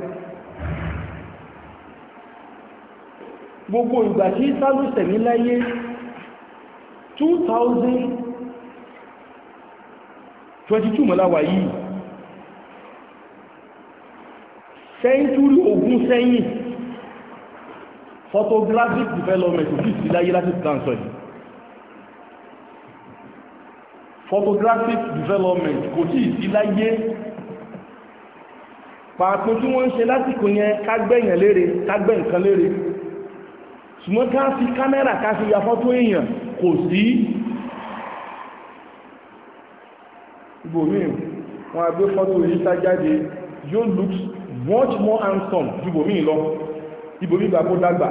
gbogbo ìgbà tí sálù sẹ̀mí láyé 2022 mọ́láwà yìí sẹ́ńtúrì ogún sẹ́yìn photographic development òfin sí láyé láti stanford yìí photographic development kò tí sí láyé pàápín tí wọ́n ń ṣe lásìkò yẹn kágbẹ̀yàn lére kágbẹ̀ lére ṣùgbọ́n ká fi kámẹ́rà ká fi ya fọ́tò èèyàn kò sí ibòmíì wọn àgbé fọ́tò ìyíta jáde yóò look much more handsome ju ibòmíì lọ ibòmíì gbà kó dàgbà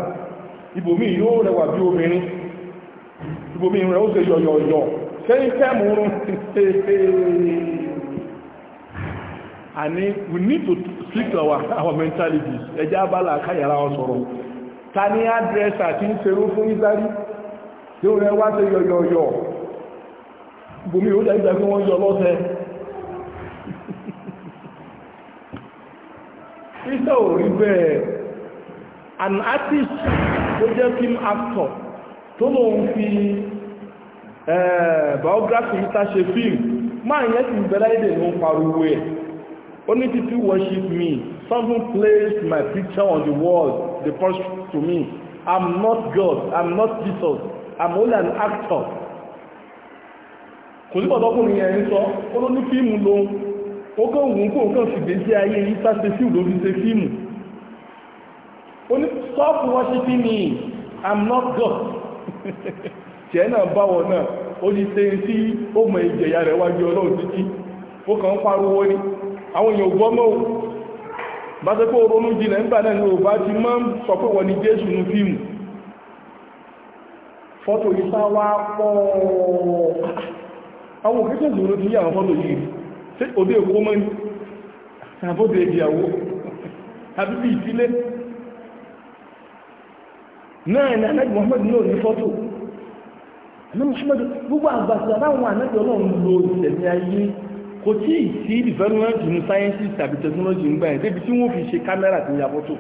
ibòmíì yóò rẹwà bí obìnrin ibòmíì rẹ̀ ó ṣe yọ̀yọ̀yọ̀ sẹ́yìn fẹ́mù rún *laughs* àní we need to speak our, our mentalities ẹjá abala àkáyàrá ọ̀sọ̀rọ̀ ta ní àdírẹ́sà tí ń serú fún ìgbárí tí ó rẹ wá sí yọ̀yọ̀yọ̀ bùnmí ó dẹ̀gbẹ̀ fún wọ́n yọ lọ́sẹ̀ iṣẹ́ ò bẹ́ẹ̀ an artist tó jẹ́ film actor tó lóun fi biography ta ṣe film máa yẹ́ ti bẹ̀rẹ̀ èdè ló ń pariwo ẹ̀ ó ní títí worship me something place my picture on the wall up the punch to me. I'm not God. I'm not Jesus. I'm only an actor. Kò sí pọ̀tọ́kùnrin ẹ̀rin sọ, ó ló ní fíìmù lóhun. Ó kàn wù ú kó kàn fìgbé sí ayé yìí sáṣe fíìmù lórí ṣe fíìmù. Ó ní stop worshiping me. I'm not God. *laughs* Tiẹ̀ náà báwọ̀ náà, ó ní ṣe sí ó mọ rẹ̀ wájú ọlọ́run títí. Ó kàn ń pariwo ni. Àwọn èèyàn ò bá ṣe pé oronú jinlẹ̀ nígbà náà ni ò bá ti máa ń sọ pé wọ́n ni jésù ní fíìmù fọ́tò ìsá wá pọ̀ àwọn òkèkè ìṣòro ti yà àwọn fọ́tò yìí tí òdé èkó mọ́ ní àbódé ìyàwó àbíbí ìtílé náà ni anájú Muhammad náà ní fọ́tò anájú Muhammad gbogbo àgbàtà láwọn anájú ọlọ́run lo ìṣẹ̀lẹ̀ kò tí ì sí development ní science tàbí technology ńgbà yẹn débi tí wọ́n fi ṣe kámẹ́rà tí ya fọ́tò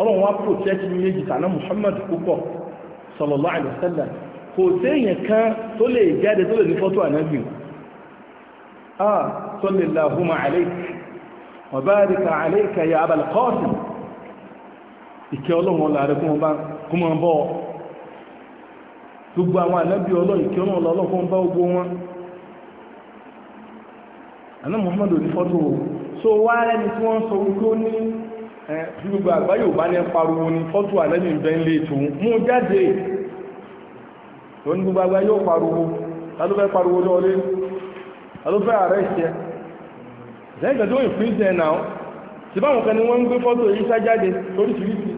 ọlọ́run wá protect méjì tàná Muhammad púpọ̀ sallallahu alaihi wasallam kò séèyàn kan tó lè jáde tó lè ní fọ́tò ànábì ah salli Allahumma ya Abal Qasim ìkẹ́ ọlọ́run láàrẹ fún ọba kúmọ bọ́ gbogbo àwọn ànábì ọlọ́run ìkẹ́ ọlọ́run gbogbo àná muhammadu ní fọ́tò o so wá ẹni tí wọ́n sọ wípé ó ní gbogbo àgbáyé ò bá ní pariwo ní fọ́tò àlẹ́bí ìbẹ́ ń lè tó mú jáde tó ní gbogbo àgbáyé ò pariwo alófẹ́ pariwo lọ́lé alófẹ́ ààrẹ ìṣẹ́ lẹ́yìn ìgbà tó ń fi ń tẹ̀ náà tí báwọn kan ni wọ́n ń gbé fọ́tò yìí sá jáde lóríṣiríṣi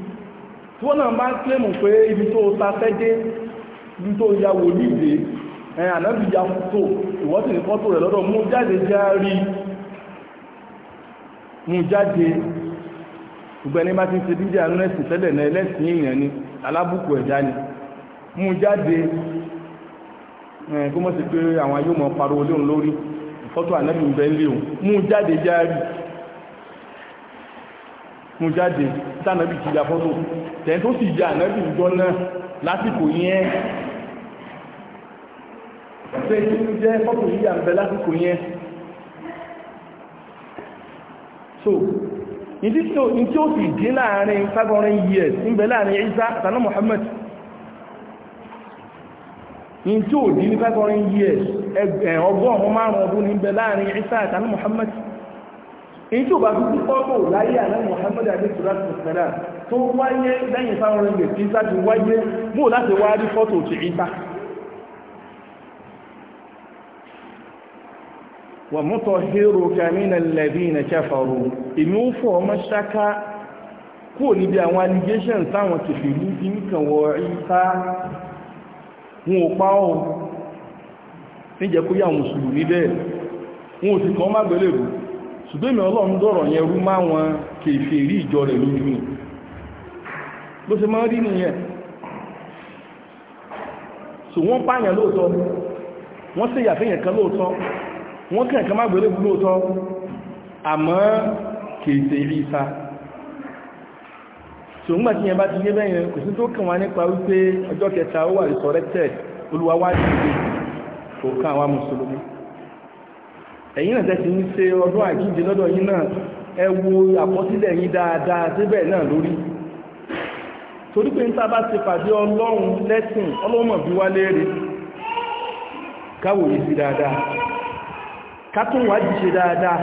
tí wọ́n náà bá ń kílèmù pé ibi tó ta fẹ́ dé ibi tó ya wòlíì dé ẹ̀yìn ànábì ya fọ́tò ìwọ́n sì ní fọ́tò rẹ̀ lọ́dọ̀ mú jáde járí mú jáde ìgbẹ̀ni bá ti ṣe díjẹ́ anúrẹ́sì tẹ́lẹ̀ náà ẹlẹ́sìn èèyàn ni alábùkù ẹ̀dá ni mú jáde ẹ̀gbọ́n sì pé àwọn ayé mọ̀ pariwo léhùn lórí fọ́tò ànábì ń bẹ ń léhùn mú jáde járí mú pé nínú jẹ́ fọ́pù yìí àbẹ̀ lásìkò yẹn so ìdí tí ó sì dín láàrin fagọrin years ń bẹ láàrin Isa àtànà Muhammad ní tí ó dín ní fagọrin years ọgọ́rùn márùn ọdún ní bẹ láàrin Isa àtànà Muhammad èyí tí ó bá dúdú pọ́pọ̀ láyé àná Muhammad adéṣùlátì ìsẹ̀lá tó wáyé lẹ́yìn fagọrin years Isa ti wáyé mú láti wá rí fọ́tò ti Isa wa mutahhiruka minal ladhina kafaru èmi ó fọ́ ọmọ ṣáká kúrò níbi àwọn allegations táwọn kèfèrí fi ń kàn wọ ìta wọn ò pa ọ́ níjẹ́ kó yà mùsùlùmí bẹ́ẹ̀ wọn ò sì kàn má gbẹ́lẹ̀ rò ṣùgbọ́n mi ọlọ́run dọ̀rọ̀ yẹn rú má wọn kèfèrí ìjọ rẹ̀ lórí mi bó ṣe máa rí nìyẹn so wọ́n pààyàn lóòótọ́ wọ́n sì yàfẹ́yàn kan lóòótọ́ wọ́n kàn kàn má gbèrè lóòtọ́ àmọ́ kèèsè rí isa so ń gbàtí yẹn bá ti yé bẹ́yẹn kò sí tó kàn wá nípa wípé ọjọ́ kẹta ó wà resurrected olúwa wá dìde kò kàn wá mùsùlùmí ẹ̀yin náà tẹ́sí ń ṣe ọdún àjíǹde lọ́dọ̀ yín náà ẹ wo àkọsílẹ̀ yín dáadáa síbẹ̀ náà lórí torí pé ń tá bá ti pàdé ọlọ́run lẹ́sìn ọlọ́mọ̀ bí wá léèrè káwòye sí dáadáa kátún wá jíṣe dáadáa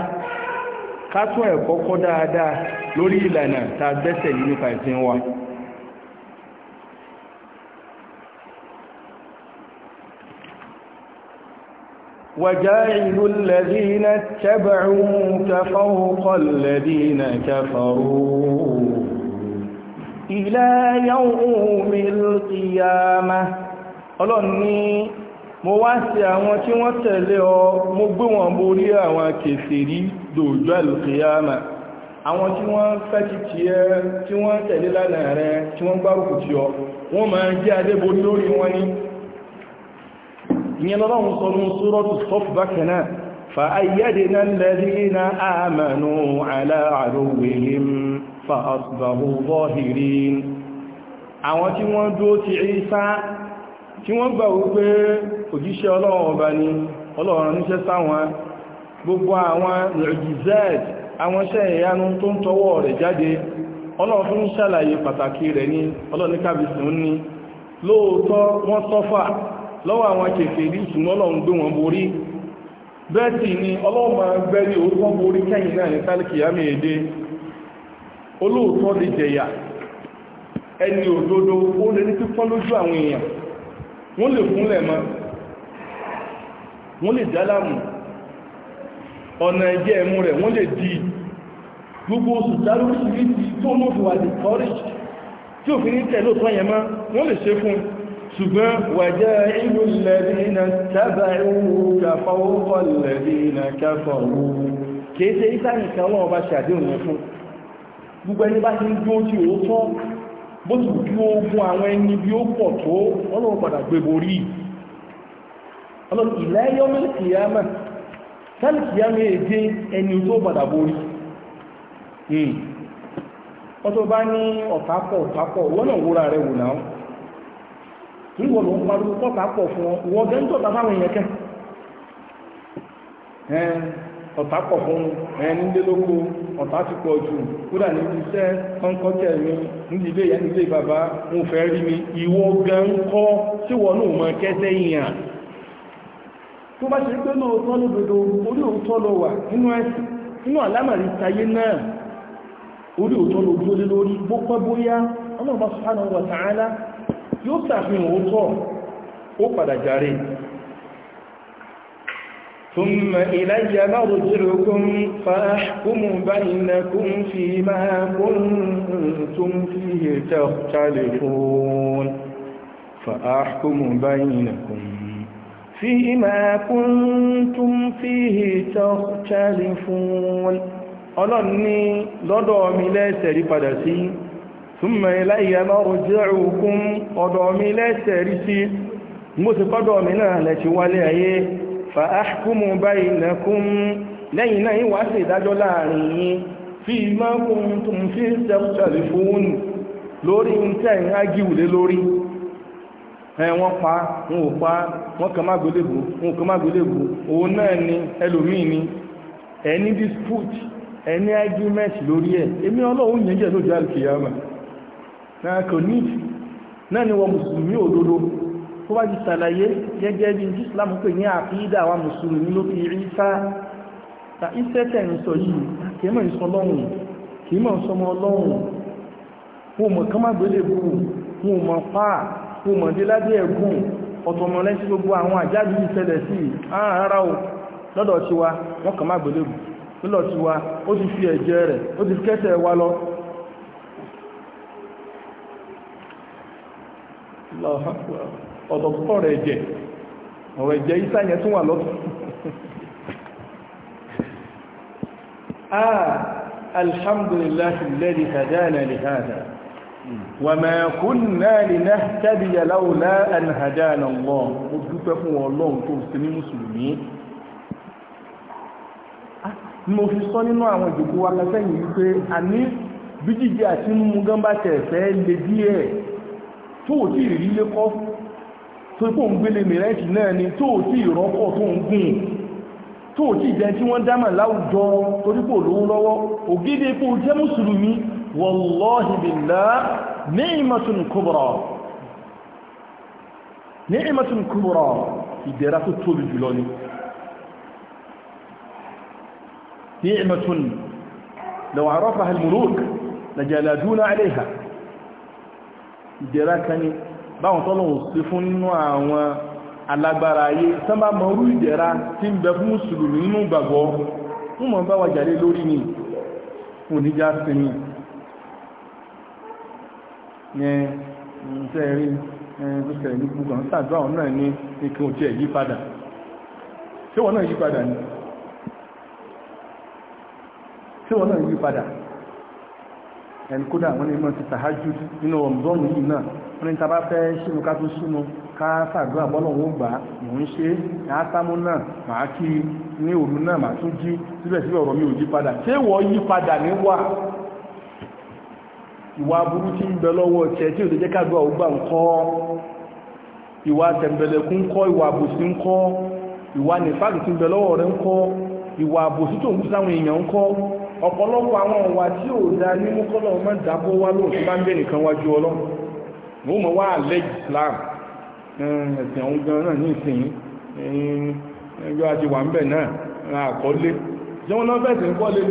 kátún ẹ̀kọ́ kọ́ dáadáa lórí ìlànà tá a gbẹ́sẹ̀ yìí nípa ìsìn wa وجاعل الذين اتبعوك فوق الذين كفروا إلى يوم القيامة ọlọ́ni mo wá sí àwọn tí wọ́n tẹ̀lé ọ mo gbé wọn borí àwọn kèfèrí dòjọ́ àlùkìyàmà àwọn tí wọ́n fẹ́ ti tì ẹ́ tí wọ́n tẹ̀lé lánàá rẹ tí wọ́n gbárùkù tì ọ wọ́n máa jẹ́ adébórí lórí wọn ni ìyẹn lọ́rọ̀ sọ sórọ́tù sọ́fù bákanáà الذين آمنوا على عدوهم فأصبحوا ظاهرين àwọn tí wọ́n kí wọ́n gbà wípé òjíṣẹ́ ọlọ́run ọba ni ọlọ́run níṣẹ́ sáwọn gbogbo àwọn rẹ̀jìzẹ́ẹ̀d àwọn iṣẹ́ ìyanu tó ń tọwọ́ rẹ̀ jáde ọlọ́run fún ṣàlàyé pàtàkì rẹ̀ ní lóòótọ́ ni ẹni òdodo ó lè ní lójú àwọn èèyàn wọ́n lè fúnlẹ̀ mọ́ wọ́n lè dálàmù ọ̀nà ẹgbẹ́ ẹmú rẹ̀ wọ́n lè di gbogbo oṣù dárúrísìírísì tó mọ́ fi wà di courage tí ò fi ní tẹ̀lé òtọ́ yẹn mọ́ wọ́n lè ṣe fún ṣùgbọ́n wàjẹ́ ìlú lẹ́dínà tábàrú kàfàwọ́kọ̀ bó ti kí ogun àwọn ẹni bí ó pọ̀ tó ọlọ́run padà gbé borí ọlọ́run ilẹ̀ yọmí kìyàmà tẹ́lì èdè ẹni tó padà borí ọjọ́ hmm. bá ní ọ̀tápọ̀ ọ̀tápọ̀ wọ́n náà wúra rẹ̀ wò náà ọ̀tá pọ̀ ẹni nílélókó ọ̀tá ti pọ̀ jù kódà níbi iṣẹ́ kọ́ńkọ́tẹ̀ mi níbi ilé ìyá nílé bàbá mo fẹ́ rí mi ìwọ gan kọ́ tí wọ́n náà mọ kẹ́sẹ́ ìyàn tó bá ṣe pé lóòótọ́ lọ wà nínú ẹ̀sìn nínú ثم إلي مرجعكم فأحكم بينكم فيما كنتم فيه تختلفون فأحكم بينكم فيما كنتم فيه تختلفون ألني لدعم لا سرقدسي ثم إلي مرجعكم ودعم لا سرقدسي متفضع من أهلة والعيه báyìí bainakum lẹ́yìn náà wá sí ìdájọ́ láàrin yìí fi ma kuntum fi takhtalifun lórí tẹ́ ń lórí pa wọn ò pa wọ́n kàn má gbélébù wọn kà òun náà ni ẹlòmíì ni ẹni ẹni lórí ẹ̀ èmi ọlọ́run yẹn jẹ́ lójú àlùkìyàmà náà kò ní náà ni tó wá di sàlàyé gẹ́gẹ́ bí ní islam pè ní àfíìdà wa mùsùlùmí ló fi rí sá ta ìsẹ́tẹ̀ ń sọ yìí kìí mọ̀ ìsọ lọ́hùn kìí mọ̀ ìsọmọ ọlọ́hùn wọn mọ̀ kán má gbélé bú wọn mọ̀ pa wọn mọ̀ dé lábẹ́ ẹ̀gùn ọ̀tọ̀mọ̀ lẹ́sí gbogbo àwọn àjáde ìṣẹ̀lẹ̀ sí ara o lọ́dọ̀ tí wa wọ́n kàn má gbélé bú lọ́dọ̀ tí wa ó ti fi ẹ̀jẹ̀ rẹ̀ ó ti fi kẹ́sẹ̀ wa lọ Allahu Akbar ọ̀dọ̀ tó ọ̀rọ̀ ẹ̀jẹ̀ ọ̀rọ̀ ẹ̀jẹ̀ isa yẹn tún wà lọ́tọ̀ ah alhamdulillahi alladhi hadana li hada wa ma kunna linahtadiya lawla an hadana Allah ó dúpẹ́ fún Ọlọ́run tó ṣe ní mùsùlùmí ah, mo fi sọ nínú àwọn ìjòkó wa lọ́sẹ̀yìn wípé a ní bí àti mú gánbà tẹ̀ẹ̀fẹ́ lè díẹ̀ tó ò tí ìrírí lé kọ́ tó kó ń gbélé mìírànjì náà ni tó ò tí ìrọ́pọ̀ tó ń gùn tó ò tí ìjẹun tí wọ́n dámà láwùjọ torí pò lówó lọ́wọ́ ògidì epo jẹ́ mùsùlùmí wallahi billah ni'matun kubra ni'matun kubra ìdẹ̀ra tó tóbi jùlọ ni ni'matun law arafaha al-muluk lajaladuna 'alayha báwọn tọ́lọ̀wò sí fún nínú àwọn alágbára ayé tán bá mọ̀rú ìdẹ̀ra tí ń bẹ fún mùsùlùmí nínú gbàgbọ́ fún mọ̀ bá wà jàlé lórí ní oníjá sinmi yẹn tẹ́ rí ẹ̀rùsẹ̀rẹ̀ ní gbogbo àwọn sàdúrà ọ̀nà ní ikú òtí ẹ̀ yípadà tí wọ́n náà yípadà ni tí wọ́n náà yípadà ni ẹni kódà wọ́n ní mọ́ ti tàhájú nínú ọ̀mùdọ́nù yìí náà wọ́n ní tàbá fẹ́ sínú ká tó súnú ká sàdúrà bọ́lọ̀ wọn gbà mò ń ṣe àátámú náà màá kí ní òru náà màá tún jí síbẹ̀síbẹ̀ ọ̀rọ̀ mi ò yí padà ṣé wọ́n yí padà ní wà ìwà burú tí ń bẹ lọ́wọ́ tẹ̀ tí ò tẹ́jẹ́ kádùá ó ń kọ́ ìwà tẹ̀m̀bẹ̀lẹ̀kú kọ́ ìwà àbòsí ń kọ́ ìwà nìfàgì tí ń bẹ lọ́wọ́ rẹ̀ ń kọ́ ìwà àbòsí tó ń kú sáwọn èèyàn ń kọ́ ọ̀pọ̀lọpọ̀ àwọn ọ̀wà tí ò dá ní mọ́kọ́lọ̀ ọmọ ìdábọ̀ wá lóòtú bá ń bẹ̀ nìkan wájú ọlọ́run mo mọ̀ wá àlẹ́ Islam ẹ̀sìn àwọn gan náà ní ìsìn ẹgbẹ́ ajé wà ń bẹ̀ náà ra àkọlé jẹun náà fẹ́ sìn kọ́lé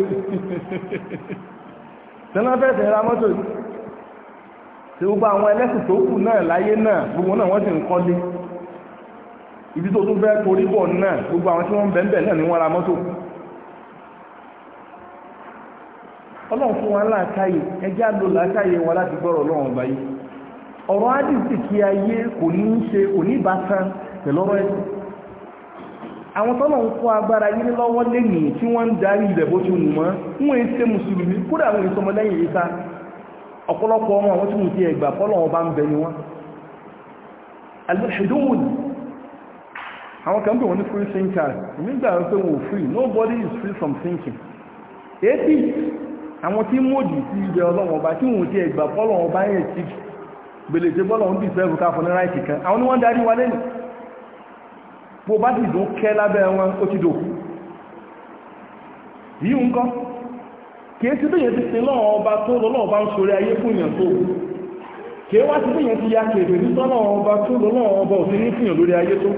tẹ́lá fẹ́ sìn ra mọ́tò tí gbogbo àwọn ẹlẹ́sìn tó kù náà láyé náà gbogbo náà wọ́n sì ń kọ́lé ibi tó tún fẹ́ torí bọ̀ náà gbogbo àwọn tí wọ́n ń bẹ̀ ń bẹ̀ náà ni wọ́n ra mọ́tò ọlọ́run fún wa láàkáyè ẹjẹ́ àlò láàkáyè wa láti gbọ́rọ̀ ọlọ́run ọba yìí ọ̀rọ̀ àdìsí kí ayé kò ní í ṣe oníbàtán pẹ̀lú ọ̀rọ̀ ẹ̀sìn àwọn tọ́lọ̀ ń kó agbára yín lọ́wọ́ lẹ́yìn tí wọ́n ń darí ilẹ̀ bó ti wù wọ́n wọ́n ṣe mùsùlùmí kódà àwọn ìsọmọ lẹ́yìn ìta ọ̀pọ̀lọpọ̀ ọmọ àwọn tí mo ti ẹ̀gbà fọ́lọ̀ ọba ń bẹ ni wọ́n alhidun àwọn kan pè wọ́n ní free thinkers nígbà wípé wọn ò free nobody is free from thinking àwọn tí mòdì sí ibẹ̀ ọlọ́wọ́n ọba tí òun ti ẹ̀gbà fọ́lọ́wọ́n ọba yẹn ti gbèlè tí bọ́lọ́wọ́n bí fẹ́ẹ̀rù ká fún ní ráìtì kan àwọn ni wọ́n darí wa lẹ́nu bó bá sì dùn kẹ́ lábẹ́ wọn ó ti dòkú yíò ń kọ́ kìí sí bí yẹn ti sin lọ́wọ́ ọba tó lọ́wọ́ ọba ń sorí ayé fún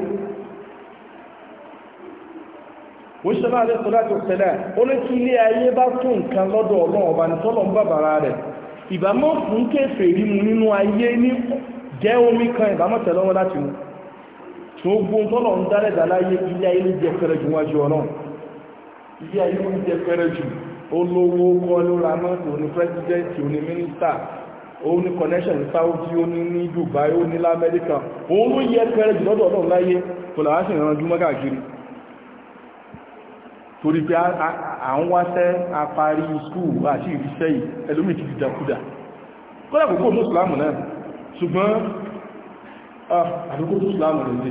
òṣìṣẹ́ náà lẹ́sọ̀ láti ọ̀sẹ̀lẹ̀ ó ní kí ilé ayé bá tún nǹkan lọ́dọ̀ ọlọ́run ọba nìtọ́lọ̀ ń rẹ̀ ìbámọ́ fún kéfè rí mu nínú ayé ní jẹ́ omi kan ìbámọ́ tẹ̀lọ́wọ́ láti mú tó gbóhun tọ́lọ̀ ń láyé ilé ayé ló jẹ fẹ́rẹ̀ jù wájú ilé ayé ló jẹ fẹ́rẹ̀ jù olówó kọ́ ló ra pẹ́sidẹ́ntì mínísítà connection Saudi ní Dubai lamẹ́ríkà torí pé à ń wáṣẹ́ àparí skúù àti ìrìṣẹ́ yìí ẹlòmí ti dìdàkúdà kọ́lá kòkó mùsùlámù náà ṣùgbọ́n àdúgbò mùsùlámù rẹ̀ lè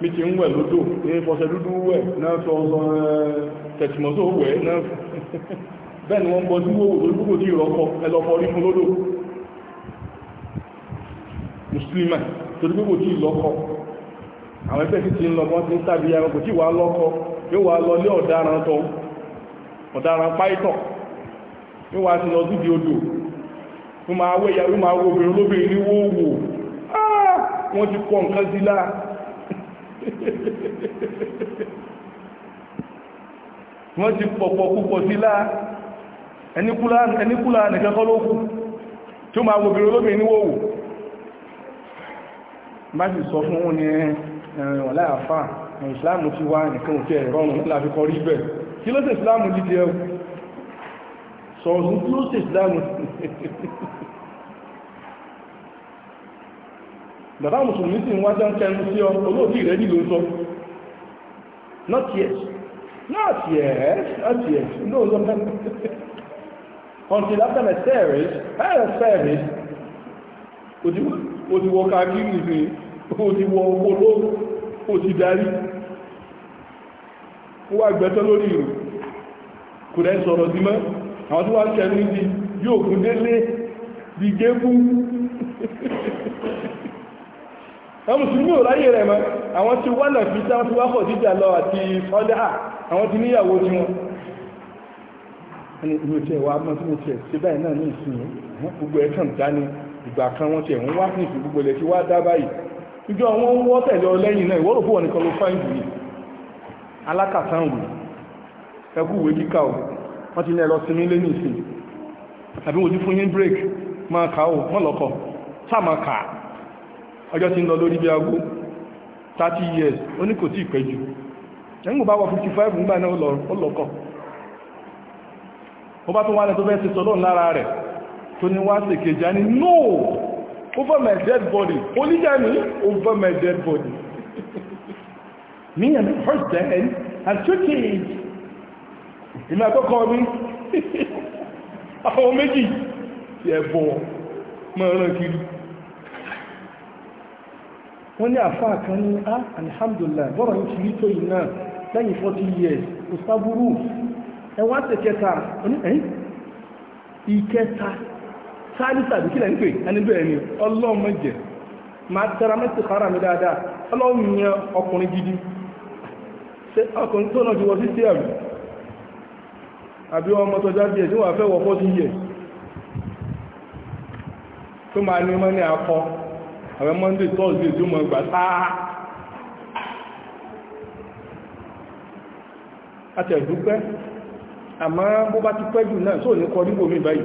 mi ti ń wẹ̀ lódò ní fọ́sẹ̀ dúdú wẹ̀ náà sọ tẹ̀tìmọ́sọ wẹ̀ náà *laughs* bẹ́ẹ̀ ni wọ́n bọ́ sí owó olóògbò tí ìrọ́kọ ẹlọ́kọ rí fún lódò musulman torí gbogbo tí ìlọ́kọ àwọn ẹgbẹ́ sí ti ń lọ mọ́ sí ń yóò wá lọ lé ọ̀daràn tọ́ ọ̀daràn páìtọ̀ yóò wá sí lọ síbi odò tó máa wé yàrá máa wo obìnrin lóbìnrin ní wóòwò ah! wọ́n ti kọ́ nǹkan sí láà *laughs* wọ́n ti pọ̀pọ̀ púpọ̀ sí láà ẹnikúlà nìkan kọ́ ló kù tó máa wo obìnrin lóbìnrin ní wóòwò má sì sọ fún wọn ní ẹ̀rìn wọ̀láyà fáà ìsìláàmù ti wá nìkan òkè ìrọ̀rùn nílà fi kọrí ibẹ̀ kí ló ṣe ìsìláàmù dídí ẹ̀ sọ̀rọ̀ kí ló ṣe ìsìláàmù bàbá mùsùlùmí sì ń wájá ń kẹnu sí ọ olóòtú rẹ̀ nílò sọ not yet not yet not yet no no until after my service after my service òdìwọ̀ kàkiri ni òdìwọ̀ òkòló ó ti darí ó wá gbẹ́tọ́ lórí ìrù kò rẹ̀ sọ̀rọ̀ sí mọ́ àwọn tó wá ń kẹrin ní yóò kún délé bí gébú *laughs* àwọn mùsùlùmí ò ráyè rẹ̀ mọ́ àwọn tí wà náà fi sáà tí wá kọ̀ lọ àti ọ́dá àwọn tí níyàwó tí wọn ìgbà kan wọ́n tiẹ̀ ń wá ní ìsìn gbogbo wá dá báyìí ìjọ wọn ń wọ́ tẹ̀lé ọ lẹ́yìn náà ìwọ́rò fún ọ̀nìkan ló fáìn jù yìí alákàtà òwú ẹkú ìwé kíkà ò wọ́n ti lẹ́ẹ̀lọ sinmi lé ní ìsìn àbí wọ́n ti fún yín break máa mọ́ lọ́kọ̀ sáà máa kà 55 náà ó lọ́kọ̀ ó bá tún wá lẹ́ tó fẹ́ over my dead body Only polygamy over my dead body *laughs* me and my husband and two kids ìmú àkọ́kọ́ mi *laughs* àwọn méjì ti ẹ̀bọ̀ mọ̀ràn kiri wọ́n ní àfáà kan ní á ah, alhamdulillah bọ́rọ̀ ní kiri tó yìí náà lẹ́yìn 40 years kò sábúrú ẹwà tẹ̀kẹta oní ẹ̀yìn ìkẹta sáàdìsà bí a ń pè ẹnibẹ̀ ma ọlọ́run mẹ́jẹ̀ máa tẹ́ra mẹ́sì kára mi dáadáa ọlọ́run yẹn ọkùnrin gidi ọkùnrin tó náà ti wọ sí sí ẹ̀rù àbí ọmọ tọjá díẹ̀ tí wọ́n fẹ́ wọ fọ́ sí tó ma ní mọ́ ní akọ àwọn monday thursday tó mọ̀ gbà sáà àtẹ̀dúpẹ́ àmọ́ bó bá ti pẹ́ jù náà kọ báyìí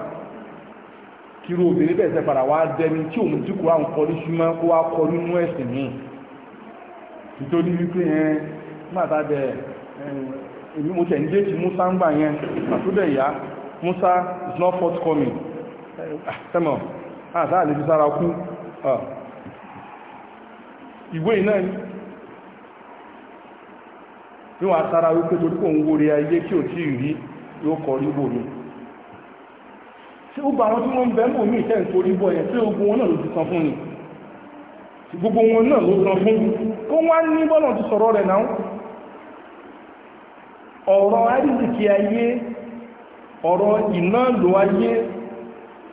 kiri obìnrin bẹ́ẹ̀ sẹ́ padà wá dẹni tí òun tí kò àwọn kọrí súnmọ́ kó wá kọ nínú ẹ̀sìn mi nítorí wípé èmi mo tẹ̀ ń Musa ń gbà yẹn àtúndẹ̀ Musa is not forthcoming tẹ́mọ̀ ah, àti sára kú ah. ìwé iná wípé torí kò ń ayé kí ò tí ì tí ó gba àwọn tí wọ́n ń bẹ́ mọ̀ ní ìtẹ́ ìtorí bọ́ ẹ̀ tí ogun wọn náà ló ti san fún ni gbogbo wọn náà ló san fún ó wá ní bọ́lá ti sọ̀rọ̀ rẹ̀ náà ọ̀rọ̀ àríṣìkí ayé ọ̀rọ̀ iná lò ayé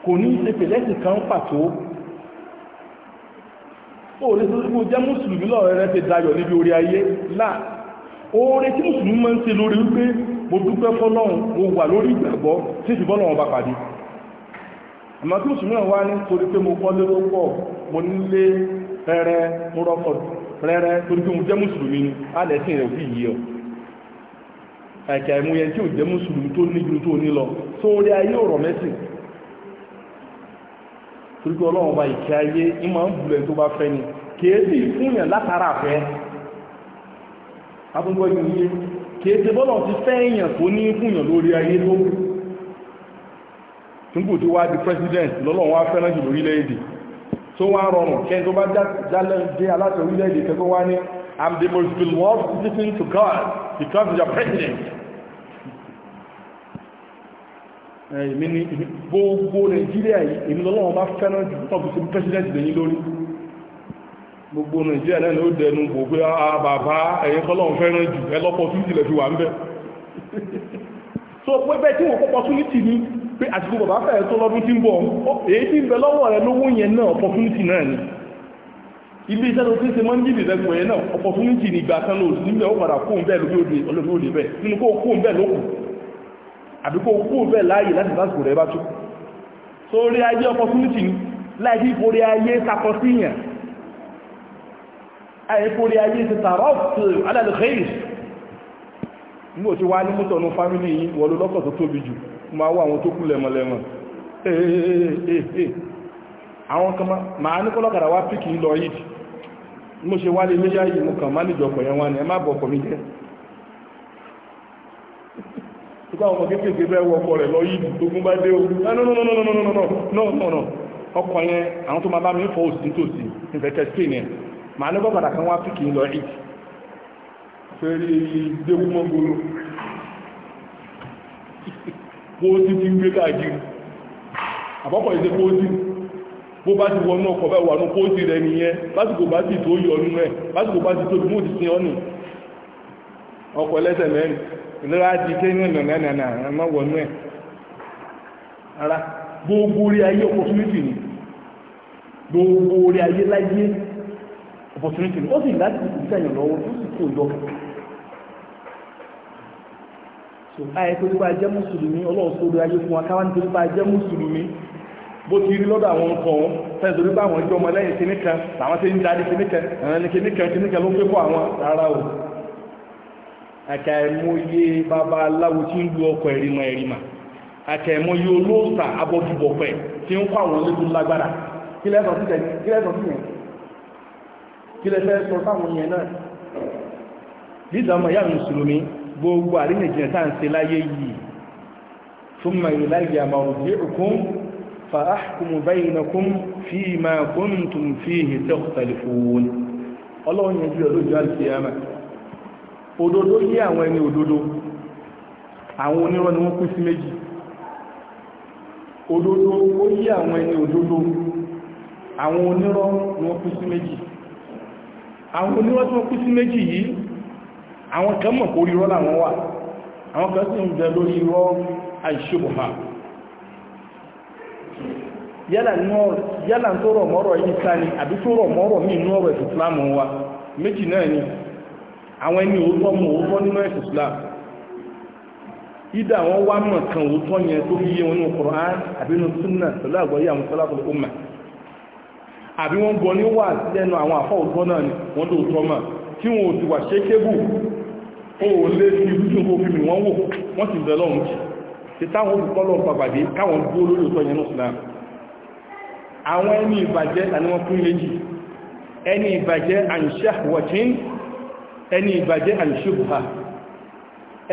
kò ní ṣe pẹ̀lẹ́sì kan pàtó ó lè sọ pé jẹ́ mùsùlùmí lọ́rọ̀ rẹ ti dayọ̀ níbi orí ayé láà oore tí mùsùlùmí máa ń ṣe lórí wípé mo dúpẹ́ fọ́lọ́run mo wà lórí ìgbàgbọ́ tí ìfìbọ́lọ́run bá pàdé àmọ́ tí mùsùlùmí náà wá ní torí pé mo kọ́lé tó pọ̀ mo nílé rẹ̀rẹ̀ mo rọ́pọ̀ rẹ̀rẹ̀ torí pé mo jẹ́ mùsùlùmí ni alẹ́sìn rẹ̀ òbí yìí ọ ẹ̀kẹ́ ìmúyẹ tí ò jẹ́ mùsùlùmí tó ní ju tó ní lọ ayé ọ̀rọ̀ mẹ́sìn torí pé ọlọ́run bá ìkẹ́ ayé ń bulẹ̀ tó bá fẹ́ ni látara àfẹ́ bọ́lọ̀ ti fẹ́ tó ní fúnyàn lórí ayé nígbò tí wá di president lọ́lọ́run wá fẹ́ràn jù lórílẹ̀-èdè tó wá rọrùn kẹ́ni tó bá jálẹ̀ jẹ́ aláṣẹ orílẹ̀-èdè kẹ́kọ́ wá ní I'm the most beloved citizen to God because you president èmi ni gbogbo nàìjíríà yìí èmi lọ́lọ́run bá fẹ́ràn jù tọ́bù sí president lẹ́yìn lórí gbogbo nàìjíríà náà ó dẹnu bò pé ah, ah, bàbá ẹ̀yìn kọ́lọ́run fẹ́ràn jù ẹlọ́pọ̀ tún ìlẹ̀ fi wà ń bẹ́ *laughs* so pé bẹ́ẹ̀ tí wọ́n kọ́pọ̀ tún ní tì ní pé àsìkò bàbá fẹ́ tó lọ́dún tí ń bọ̀ èyí tí ń bẹ lọ́wọ́ rẹ lówó yẹn náà opportunity náà ni ilé iṣẹ́ tó ti ṣe máa ń jìnnì lẹ́gbọ̀n yẹn náà opportunity ni ìgbà kan ló sì níbẹ̀ ó padà kóhùn bẹ́ẹ̀ lórí òde olórí òde bẹ́ẹ̀ nínú kó kóhùn bẹ́ẹ̀ lókù àbí kó kóhùn bẹ́ẹ̀ láàyè láti lásìkò rẹ bá tó so rí ayé opportunity ni láì sí ìforí ayé sakọ síyàn àìforí ayé ti tààrọ̀ alẹ́ nígbò tí wá ní mọ́tọ̀ ní fámílì yìí wọ́n ló lọ́kọ̀ tó tóbi jù ma wá àwọn tó kú lẹ́mọ̀lẹ́mọ̀ àwọn kan máa ní kọ́lọ́kàrà wá pìkì lọ yìí mo ṣe wá lè léyà yìí mo kàn má nìjọ ya yẹn wá ma ẹ má bọ̀ mi jẹ́ ọkọ̀ yẹn àwọn tó bá mi fọ́ òsì nítòsí ìfẹ́kẹ́ spain yẹn ní kan wá fẹ́rí déwúmọ́gbòrò póótí tí ń gbé káàkiri àpapọ̀ ìṣẹ́ póótí bó bá ti wọnú ọkọ̀ bá wọnú póótí rẹ̀ nìyẹn lásìkò bá ti tó yọ ọdún rẹ̀ lásìkò bá ti tó bí mú ti sin ọ́nì ọkọ̀ ẹlẹ́sẹ̀ mẹ́rin ìlera ti ké nànànànà àmọ́ wọnú ẹ̀ ara gbogbo orí ayé opportunity ni gbogbo orí ayé láyé opportunity ni ó sì láti ìgbìyànjú lọ́wọ́ ó sì kó ìjọ àyè tó nípa jẹ́ mùsùlùmí ọlọ́run tó lórí ayé fún wa káwá nítorí pa jẹ́ mùsùlùmí bó ti rí lọ́dọ̀ àwọn nǹkan ọ̀hún fẹ́ẹ̀ torí bá àwọn ẹjọ́ ọmọ lẹ́yìn kíní kan làwọn ti ń darí kíní kan àwọn ní kíní kan kíní kan ló pé kọ́ àwọn rárá o àkàìmọye babaláwo tí ń lu ọkọ̀ ẹ̀rìmọ̀ ẹ̀rìmọ̀ àkàìmọye olóòsà abọ́dúbọ̀pẹ̀ tí ń kọ́ àwọn olóògùn lágbára kí lẹ́sọ̀ sí tẹ̀lé kí lẹ́sọ̀ sí yẹn kí lẹ́sẹ̀ sọ gbogbo àríyànjiyàn tá à ń ṣe láyé yìí thumma ilayya marji'ukum fa ahkumu baynakum fima kuntum fihi takhtalifun ọlọ́run yẹn bí ọlọ́jọ́ àlùkìyàmà òdodo yí àwọn ẹni òdodo àwọn onírọ́ ni wọ́n kú sí méjì òdodo ó yí àwọn ẹni òdodo àwọn onírọ́ ni wọ́n kú sí méjì àwọn onírọ́ tí wọ́n kú sí méjì yìí àwọn kan mọ̀ kó rírọ́ làwọn wà àwọn kan sì ń bẹ lórí irọ́ àìṣòbòhà yálà tó rọ̀ mọ́rọ̀ yìí ká ni àbí tó rọ̀ mọ́rọ̀ mí inú ọ̀rọ̀ ìsìsìláàmù wa méjì náà ni àwọn ẹni òótọ́ mọ̀ òótọ́ nínú ìsìsìláàmù ìdá àwọn wá mọ̀ kan òótọ́ yẹn tó fi yé wọn ní Kùránì àbí nínú súnnà pẹ̀lú àgbọ́yé àwọn sálàfẹ́ ọmọ àbí wọ́n gbọ́ ní wà lẹ́nu àwọn àfọ́ òótọ́ náà ni wọ́n tó tọ́ mọ̀ tí wọn ò ti wà ṣékébù ó lé sí ìrújú owó fíìmù wọ́n wò wọ́n sì bẹ̀ lọ́run jì ti táwọn olùkọ́lọ̀ pàpàdé káwọn dúró lórí òtọ́ yẹn náà sílámù àwọn ẹni ìbàjẹ́ àni wọ́n pín méjì ẹni ìbàjẹ́ àìṣẹ́wọ̀tín ẹni ìbàjẹ́ àìṣẹ́bùhà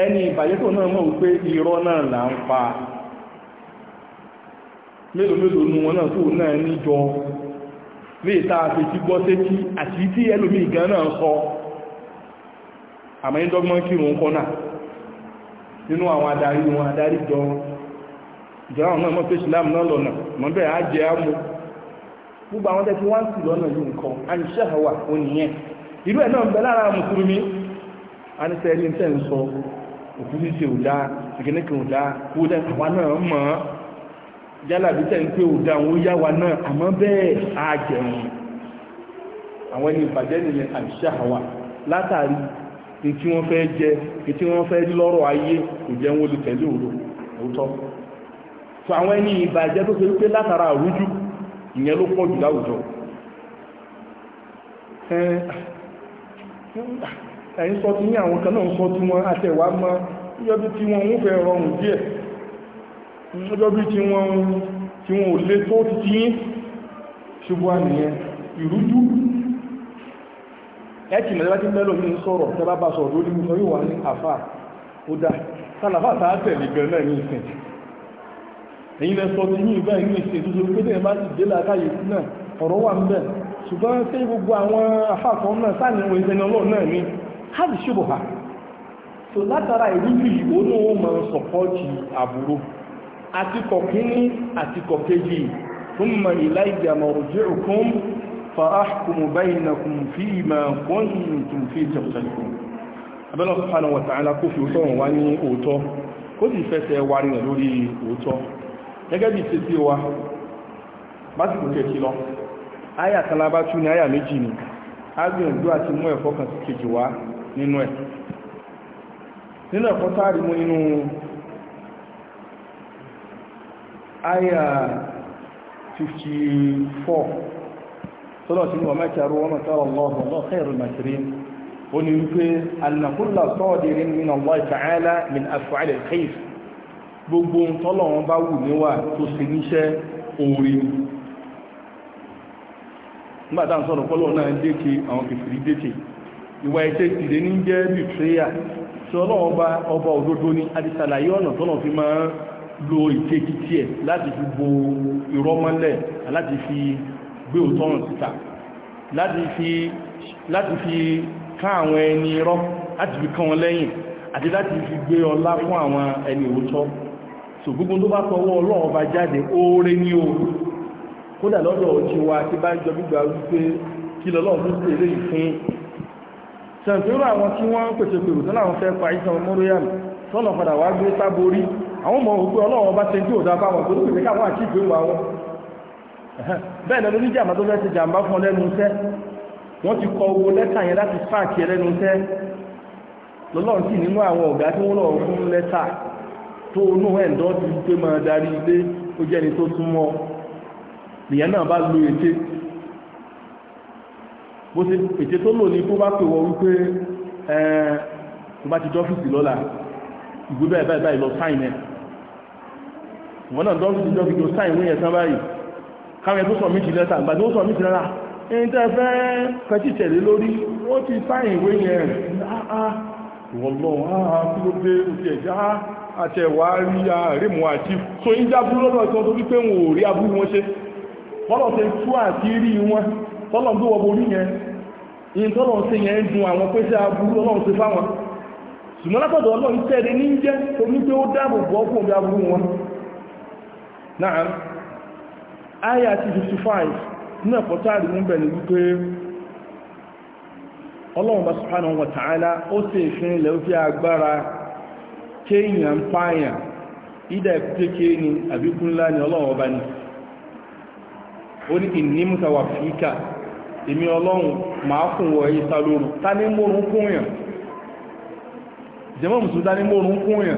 ẹni ìbàjẹ́ tó náà mọ̀ wípé irọ́ náà là ń pa mélòó mélòó nu wọn náà tó náà níjọ léè tá a fi ti gbọ́ sétí àti tí ẹlòmíì gan náà sọ àmọ́ yí dọ́gbọ́n kírun kọ́nà nínú àwọn adarí wọn adarí jọ wọn ìjọba àwọn náà mọ́ pé islam náà lọ́nà mọ́ bẹ́ẹ̀ á jẹ́ àmú gbogbo àwọn tẹ́tí wọ́n sì lọ́nà yìí nǹkan àníṣẹ́ àwà oníyẹn irú ẹ̀ náà ń bẹ lára mùsùlùmí àníṣẹ́ ẹni tẹ́ ń sọ òfin ṣe ò dáa ìgbẹ́nìkan ò dáa kó dẹ́ àwa náà mọ̀ yálà bí tẹ́ ń pé ò dáa òun yá wa náà àmọ́ bẹ́ẹ̀ á jẹun àwọn ẹni ìbàjẹ́ nìyẹn àníṣẹ́ àwà látàrí tí wọ́n fẹ́ jẹ tí wọ́n fẹ́ lọ́rọ̀ ayé kò jẹ́ wọn olùtẹ̀lé òru òótọ́ so àwọn ẹni ìbàjẹ́ tó ṣe wípé látara àrújú ìyẹn ló pọ̀ jù láwùjọ ẹ̀yìn sọ ti ní àwọn kan náà sọ tí wọ́n àtẹ̀wà mọ́ yọ́bí tí wọ́n ń fẹ́ rọrùn díẹ̀ yọ́bí tí wọ́n ò lè tó ti yí ṣùgbọ́n nìyẹn ìrújú ẹ̀kì mẹ́lẹ́bá tí mẹ́lò ní sọ̀rọ̀ tẹ́bá bá sọ̀rọ̀ lórí mú sọ yóò wà ní àfà ó dá sálàfà tààtẹ̀ lè bẹ̀rẹ̀ náà ní ìsìn ẹ̀yìn lẹ́sọ̀ tí ní ìgbà ní ìsìn tó ṣe pé tẹ́yẹ bá ti dé látàyè sí náà ọ̀rọ̀ wà ń bẹ̀ ṣùgbọ́n sí gbogbo àwọn afáàkọ́ náà sáàni ohun ìsẹ́ni ọlọ́run náà ní hajj ṣubù ha so látara ìrújú yìí ó ní wọn máa ń sọpọ́ọ̀tì àbúrò àtikọ̀ kínní àtikọ̀ kejì fún mọ̀ ìlà ìgbàmọ̀ òjò òkun فأحكم بينكم فيما كنتم فيه تختلفون abẹ́lọ́ subhanahu wa kó fi òtọ́ wà ní òótọ́ kó sì fẹ́sẹ̀ wà rìnà lórí òótọ́ gẹ́gẹ́ bí ṣe tí wa bá sì kò kẹ́kí lọ áyà kalábá tún ní áyà méjì ni agbìyànjú àti mú ẹ̀kọ́ kan sí kejì wá nínú ẹ̀ nínú ẹ̀kọ́ táàrí 54 tọ́lọ̀ sí ni wọ́n mẹ́kẹ̀rú wọn mẹ́kẹ̀rọ lọ́wọ́ lọ́ kẹ́rù mẹ́kẹ̀rin ó ní wípé alìnàkúnlá sọ́ọ̀dìrí nínú Allah ta'ala min af'al al-khayr gbogbo tọ́lọ̀ wọn bá wù níwà tó sì níṣẹ́ orí nígbà tá à ń sọ̀rọ̀ pọ́lọ̀ náà dékè àwọn kìfìrí dékè ìwà ẹ̀ṣẹ̀ tìrẹ ní jẹ́ bìtìrẹ́yà tí ọlọ́wọ́n bá ọba òdodo ní adìsàlàyé ọ̀nà tọ́lọ̀ fi máa lo ìkékìtì ẹ̀ láti fi bo ìrọ́mọ́lẹ̀ láti fi gbé òótọ́ hàn síta láti fi láti fi ká àwọn ẹni rọ́ láti fi kán wọn lẹ́yìn àti láti fi gbé ọlá fún àwọn ẹni òótọ́ so gbogbo tó bá tọwọ́ ọlọ́run bá jáde oore ní o kódà lọ́dọ̀ ọ̀tí wa tí bá jọ gbígbà wípé kí lọ́lọ́run tó sì èrè ìfún sẹ̀ǹtẹ́rọ àwọn tí wọ́n ń pèsè pèrò tó láwọn fẹ́ pa ìsan mọ́ríyàm tọ́nà padà wá gbé sáborí àwọn ọmọ òkú ọlọ́run bá ṣe tí ò dá báwọn tó lóògbé káwọn àti ìgbéwà wọn bẹ́ẹ̀ lọ lórí jàmbá tó fẹ́ ti jàmbá fún lẹ́nu iṣẹ́ wọ́n ti kọ owó lẹ́tà yẹn láti fáàkì ẹlẹ́nu iṣẹ́ lọ́lọ́run sì nínú àwọn ọ̀gá tí wọ́n lọ fún lẹ́tà tó inú ẹ̀ńdọ́ ti pé máa darí ilé ó jẹ́ni tó súnmọ́ nìyẹn náà bá lo ète bó ṣe ète tó lò ní kó bá pè wọ wípé ẹ̀ẹ́n tó bá ti dọ́fíìsì lọ́la ìgbé bẹ́ẹ̀ báyìí lọ sáìn ẹ̀ wọ́n náà dọ́fíìsì dọ́fíìsì sáìn wọ́n yẹn sábàyìí káwọn ẹ̀tún sọ méjì lẹ́tà ìgbà tó sọ méjì lẹ́tà ẹni tẹ́ fẹ́ kẹtì tẹ̀lé lórí wọ́n ti sáyìn ìwé yẹn ah, ah, wọ́lọ́ ah, kí ló dé oṣù ẹ̀já so ń jábú lọ́dọ̀ tí wọ́n tó wípé wọn ò rí abúrú wọn ṣe bọ́lọ̀ tẹ tú àti rí wọn tọ́lọ̀ ń gbówọ́ borí yẹn in tọ́lọ̀ ṣe yẹn dùn àwọn pé ṣe abúrú látọ̀dọ̀ ọlọ́run tẹ̀lé ní jẹ́ torí pé ó dáàbò bọ́ fún òbí abúrú wọn náà ayyaki 55 n'akwato arikun benin zukure ola ọwa ba su hana wata'ala o sefin laufiya gbara ke ni a baya idaya fute ke ni abikunla ni ola ọwa ba ni orikin ni mutawa emi ola ma akụwa ya saluru ta ne moron kụnyọn zama musu da ne moron kụnyọn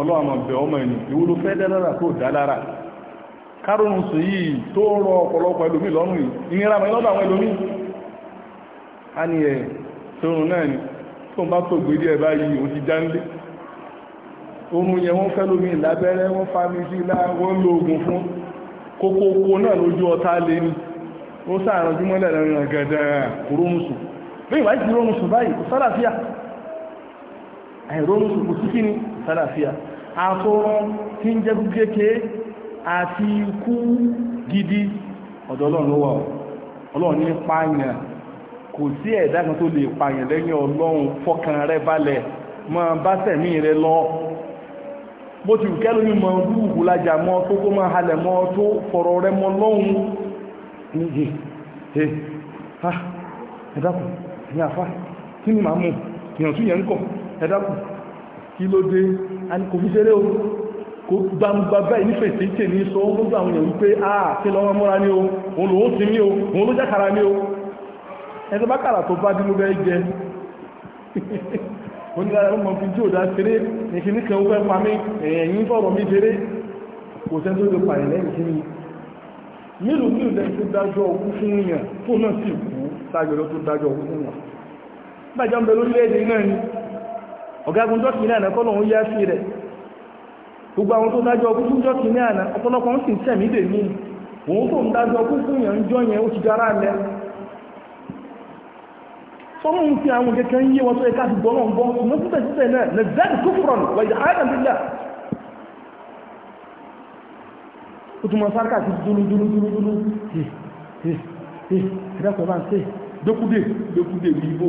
ọlọ́ọ̀mọ̀ bẹ̀ ọmọ ẹni ìwúlò fẹ́ dálára tó dálára kárùn-ún sí yìí tó rọ ọ̀pọ̀lọpọ̀ ẹlòmí lọ́rùn ìnira mọ̀ ni tó ń bá tó gbèdé ẹ̀ báyìí ó ti jáńlé oorun yẹn wọ́n fẹ́ lómi lábẹ́rẹ́ wọ́n fami sí ilá wọ́n lo oògùn fún kókókó náà lójú bí ìwáyìí ti rónùsù báyìí kò sára fíà àìrónùsù kò sí kí ni sálàfíà àtọrún tí ń jẹ́ gúgéke àti ikú gidi ọ̀dọ̀ ọlọ́run ló wà ọlọ́run ní pààyàn kò sí ẹ̀dá kan tó lè pààyàn lẹ́yìn ọlọ́run fọkàn rẹ balẹ̀ mọ́ bá tẹ̀mí rẹ lọ bó ti kẹ́lú ní mọ rúùkú lájà mọ́ tó kó máa halẹ̀ mọ́ tó fọ̀rọ̀ rẹ mọ́ lọ́hun ní ẹ̀ ẹ̀dàkùn ní àfá kí ni màá mú ìyàntú yẹn ń kọ̀ ẹ̀dàkùn kí ló dé a ní kò fi ṣeré o kò gbangba báyìí nífẹ̀ẹ́ tí tè ní sọ ó gbogbo àwọn èèyàn wípé a kí lọ́wọ́ mọ́ra ní o òun lòó ti ní o òun ló jákàrà ní o ẹni bá kàrà tó bá dín ló bẹ́ẹ̀ jẹ *laughs* ó ní ara ọmọ fi tí ò dá ṣeré ìkíní kan ó fẹ́ pa mí ẹ̀yìn fọ̀rọ̀ mi ṣeré kò sẹ́ni tó lè pààyàn lẹ́yìn kí ni mélòó ní ìlẹ́ tó dájọ́ ọkú fún èèyàn tó náà sì kú sáàjọ́ tó ń bẹ lórílẹ̀-èdè náà ni ọ̀gágun ga náà kọ́lọ̀ ń yá sí rẹ̀ gbogbo àwọn tó dájọ́ ọkú fún jọ́kì náà náà ọ̀pọ̀lọpọ̀ ń sì tẹ̀mí dè mí òun tó ń dájọ́ ọkú fún ń jọ yẹn ó ti dára lẹ ń fi àwọn ń yé wọn tó yẹ ká ti náà ń bọ́ ṣùgbọ́n síbẹ̀ náà lè zẹ́ẹ̀dì tó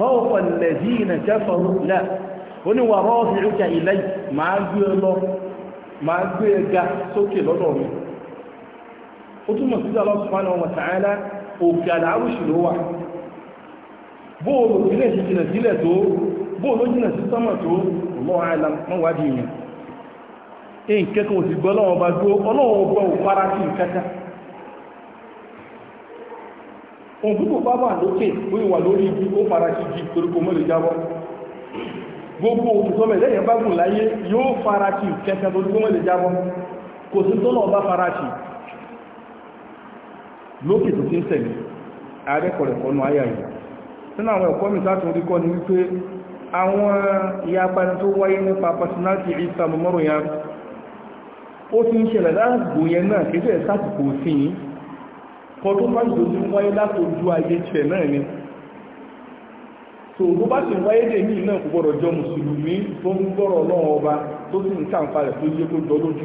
fọ́ọ̀fọ́ lẹ́jì ìnà kẹfọ́rú lẹ́ ó ní wàrọ́ ọ̀fìrúkà ilẹ̀ máa gbé lọ máa gbé e ga sókè lọ́dọ̀ mi ó túnmọ̀ sí Allah subhanahu wa ta'ala òkè àlàárùsì ló wà bóòlù ilé ìṣẹ́jìnà sílẹ̀ òun tó bá wà lókè ó ìwà lórí ibi ó fara sí ibi toríko mọ́ lè jábọ́ gbogbo òtùtọ́mẹ̀ lẹ́yìn bá gùn láyé yóò fara sí kẹta toríko mọ́ lè jábọ́ kò sí tó náà bá fara sí lókè tó ti ń tẹ̀lé ààrẹ́kọ̀rẹ̀kọ́ nù ayà yìí sínú àwọn ẹ̀kọ́ mi sátún rí kọ́ ni wípé àwọn ìyapa tó wáyé nípa personality ìsàmùmọ́rùn-ún ya ó ti ń ṣẹlẹ̀ láàgbò yẹn náà kéfẹ́ sátìkò sí yìí kan tó bá jùlọ ní wáyé látòjú ayé tiẹ̀ náà ni tó bó bá sì wáyé dè ní náà kò gbọ́dọ̀ jọ mùsùlùmí tó ń gbọ́rọ̀ ọlọ́run ọba tó sì ń kàǹfà rẹ̀ tó yẹ kó jọ lójú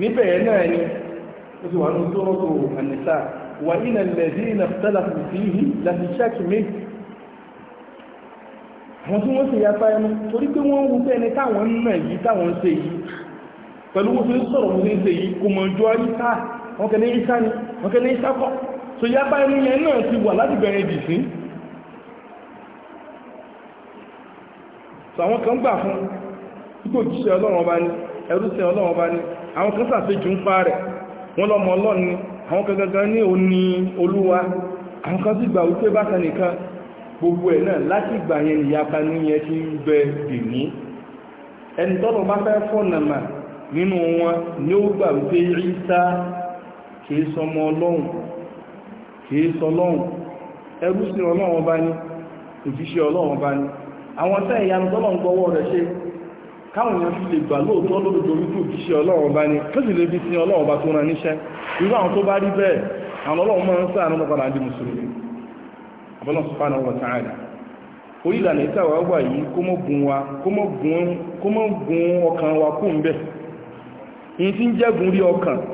níbẹ̀ náà ni ó ti wà ní ojú ọ̀rọ̀ tó ànìsà wà ní ẹ̀lẹ́dí ìnàfẹ́lá sí ìhí láti ṣáàkì méjì àwọn tí wọ́n sì yapa ẹnu torí pé wọ́n wú bẹ́ẹ̀ni táwọn ń nà yìí táwọn ń wọ́n kẹ́ ní ìsá ni wọ́n kẹ́ ní ìsá kọ́ so yába ẹni yẹn náà ti wà láti bẹ̀rẹ̀ dì sí so àwọn kan gbà fún ipò òjíṣẹ́ ọlọ́run ọba ni ẹrúṣẹ́ ọlọ́run ọba ni àwọn kan sàfẹ́jù ń pa rẹ̀ wọ́n lọ́mọ ọlọ́run ni àwọn kan gangan ní òní olúwa àwọn kan sì gbà wípé bákan nìkan gbogbo ẹ̀ náà láti ìgbà yẹn ìyapa ní yẹn ti ń bẹ dì ní ẹni tọ́lọ bá fẹ́ fọ́nàmà nínú wọn ni ó gbà wípé Ìsá kìí sọmọ ọlọ́run kìí sọlọ́run ẹrú sí ọlọ́run ọba ní òjíṣẹ́ ọlọ́run ọba ní àwọn tẹ́ ìyanu tọ́lọ́run gbọ́wọ́ rẹ̀ ṣe káwọn èèyàn fi lè gbà lóòótọ́ lóòótọ́ wípé òjíṣẹ́ ọlọ́run ọba ní ọba tó níṣẹ́ irú àwọn tó bá rí bẹ́ẹ̀ àwọn ọlọ́run máa ń mùsùlùmí wa tí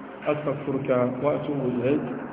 أستغفرك وأتوب إليك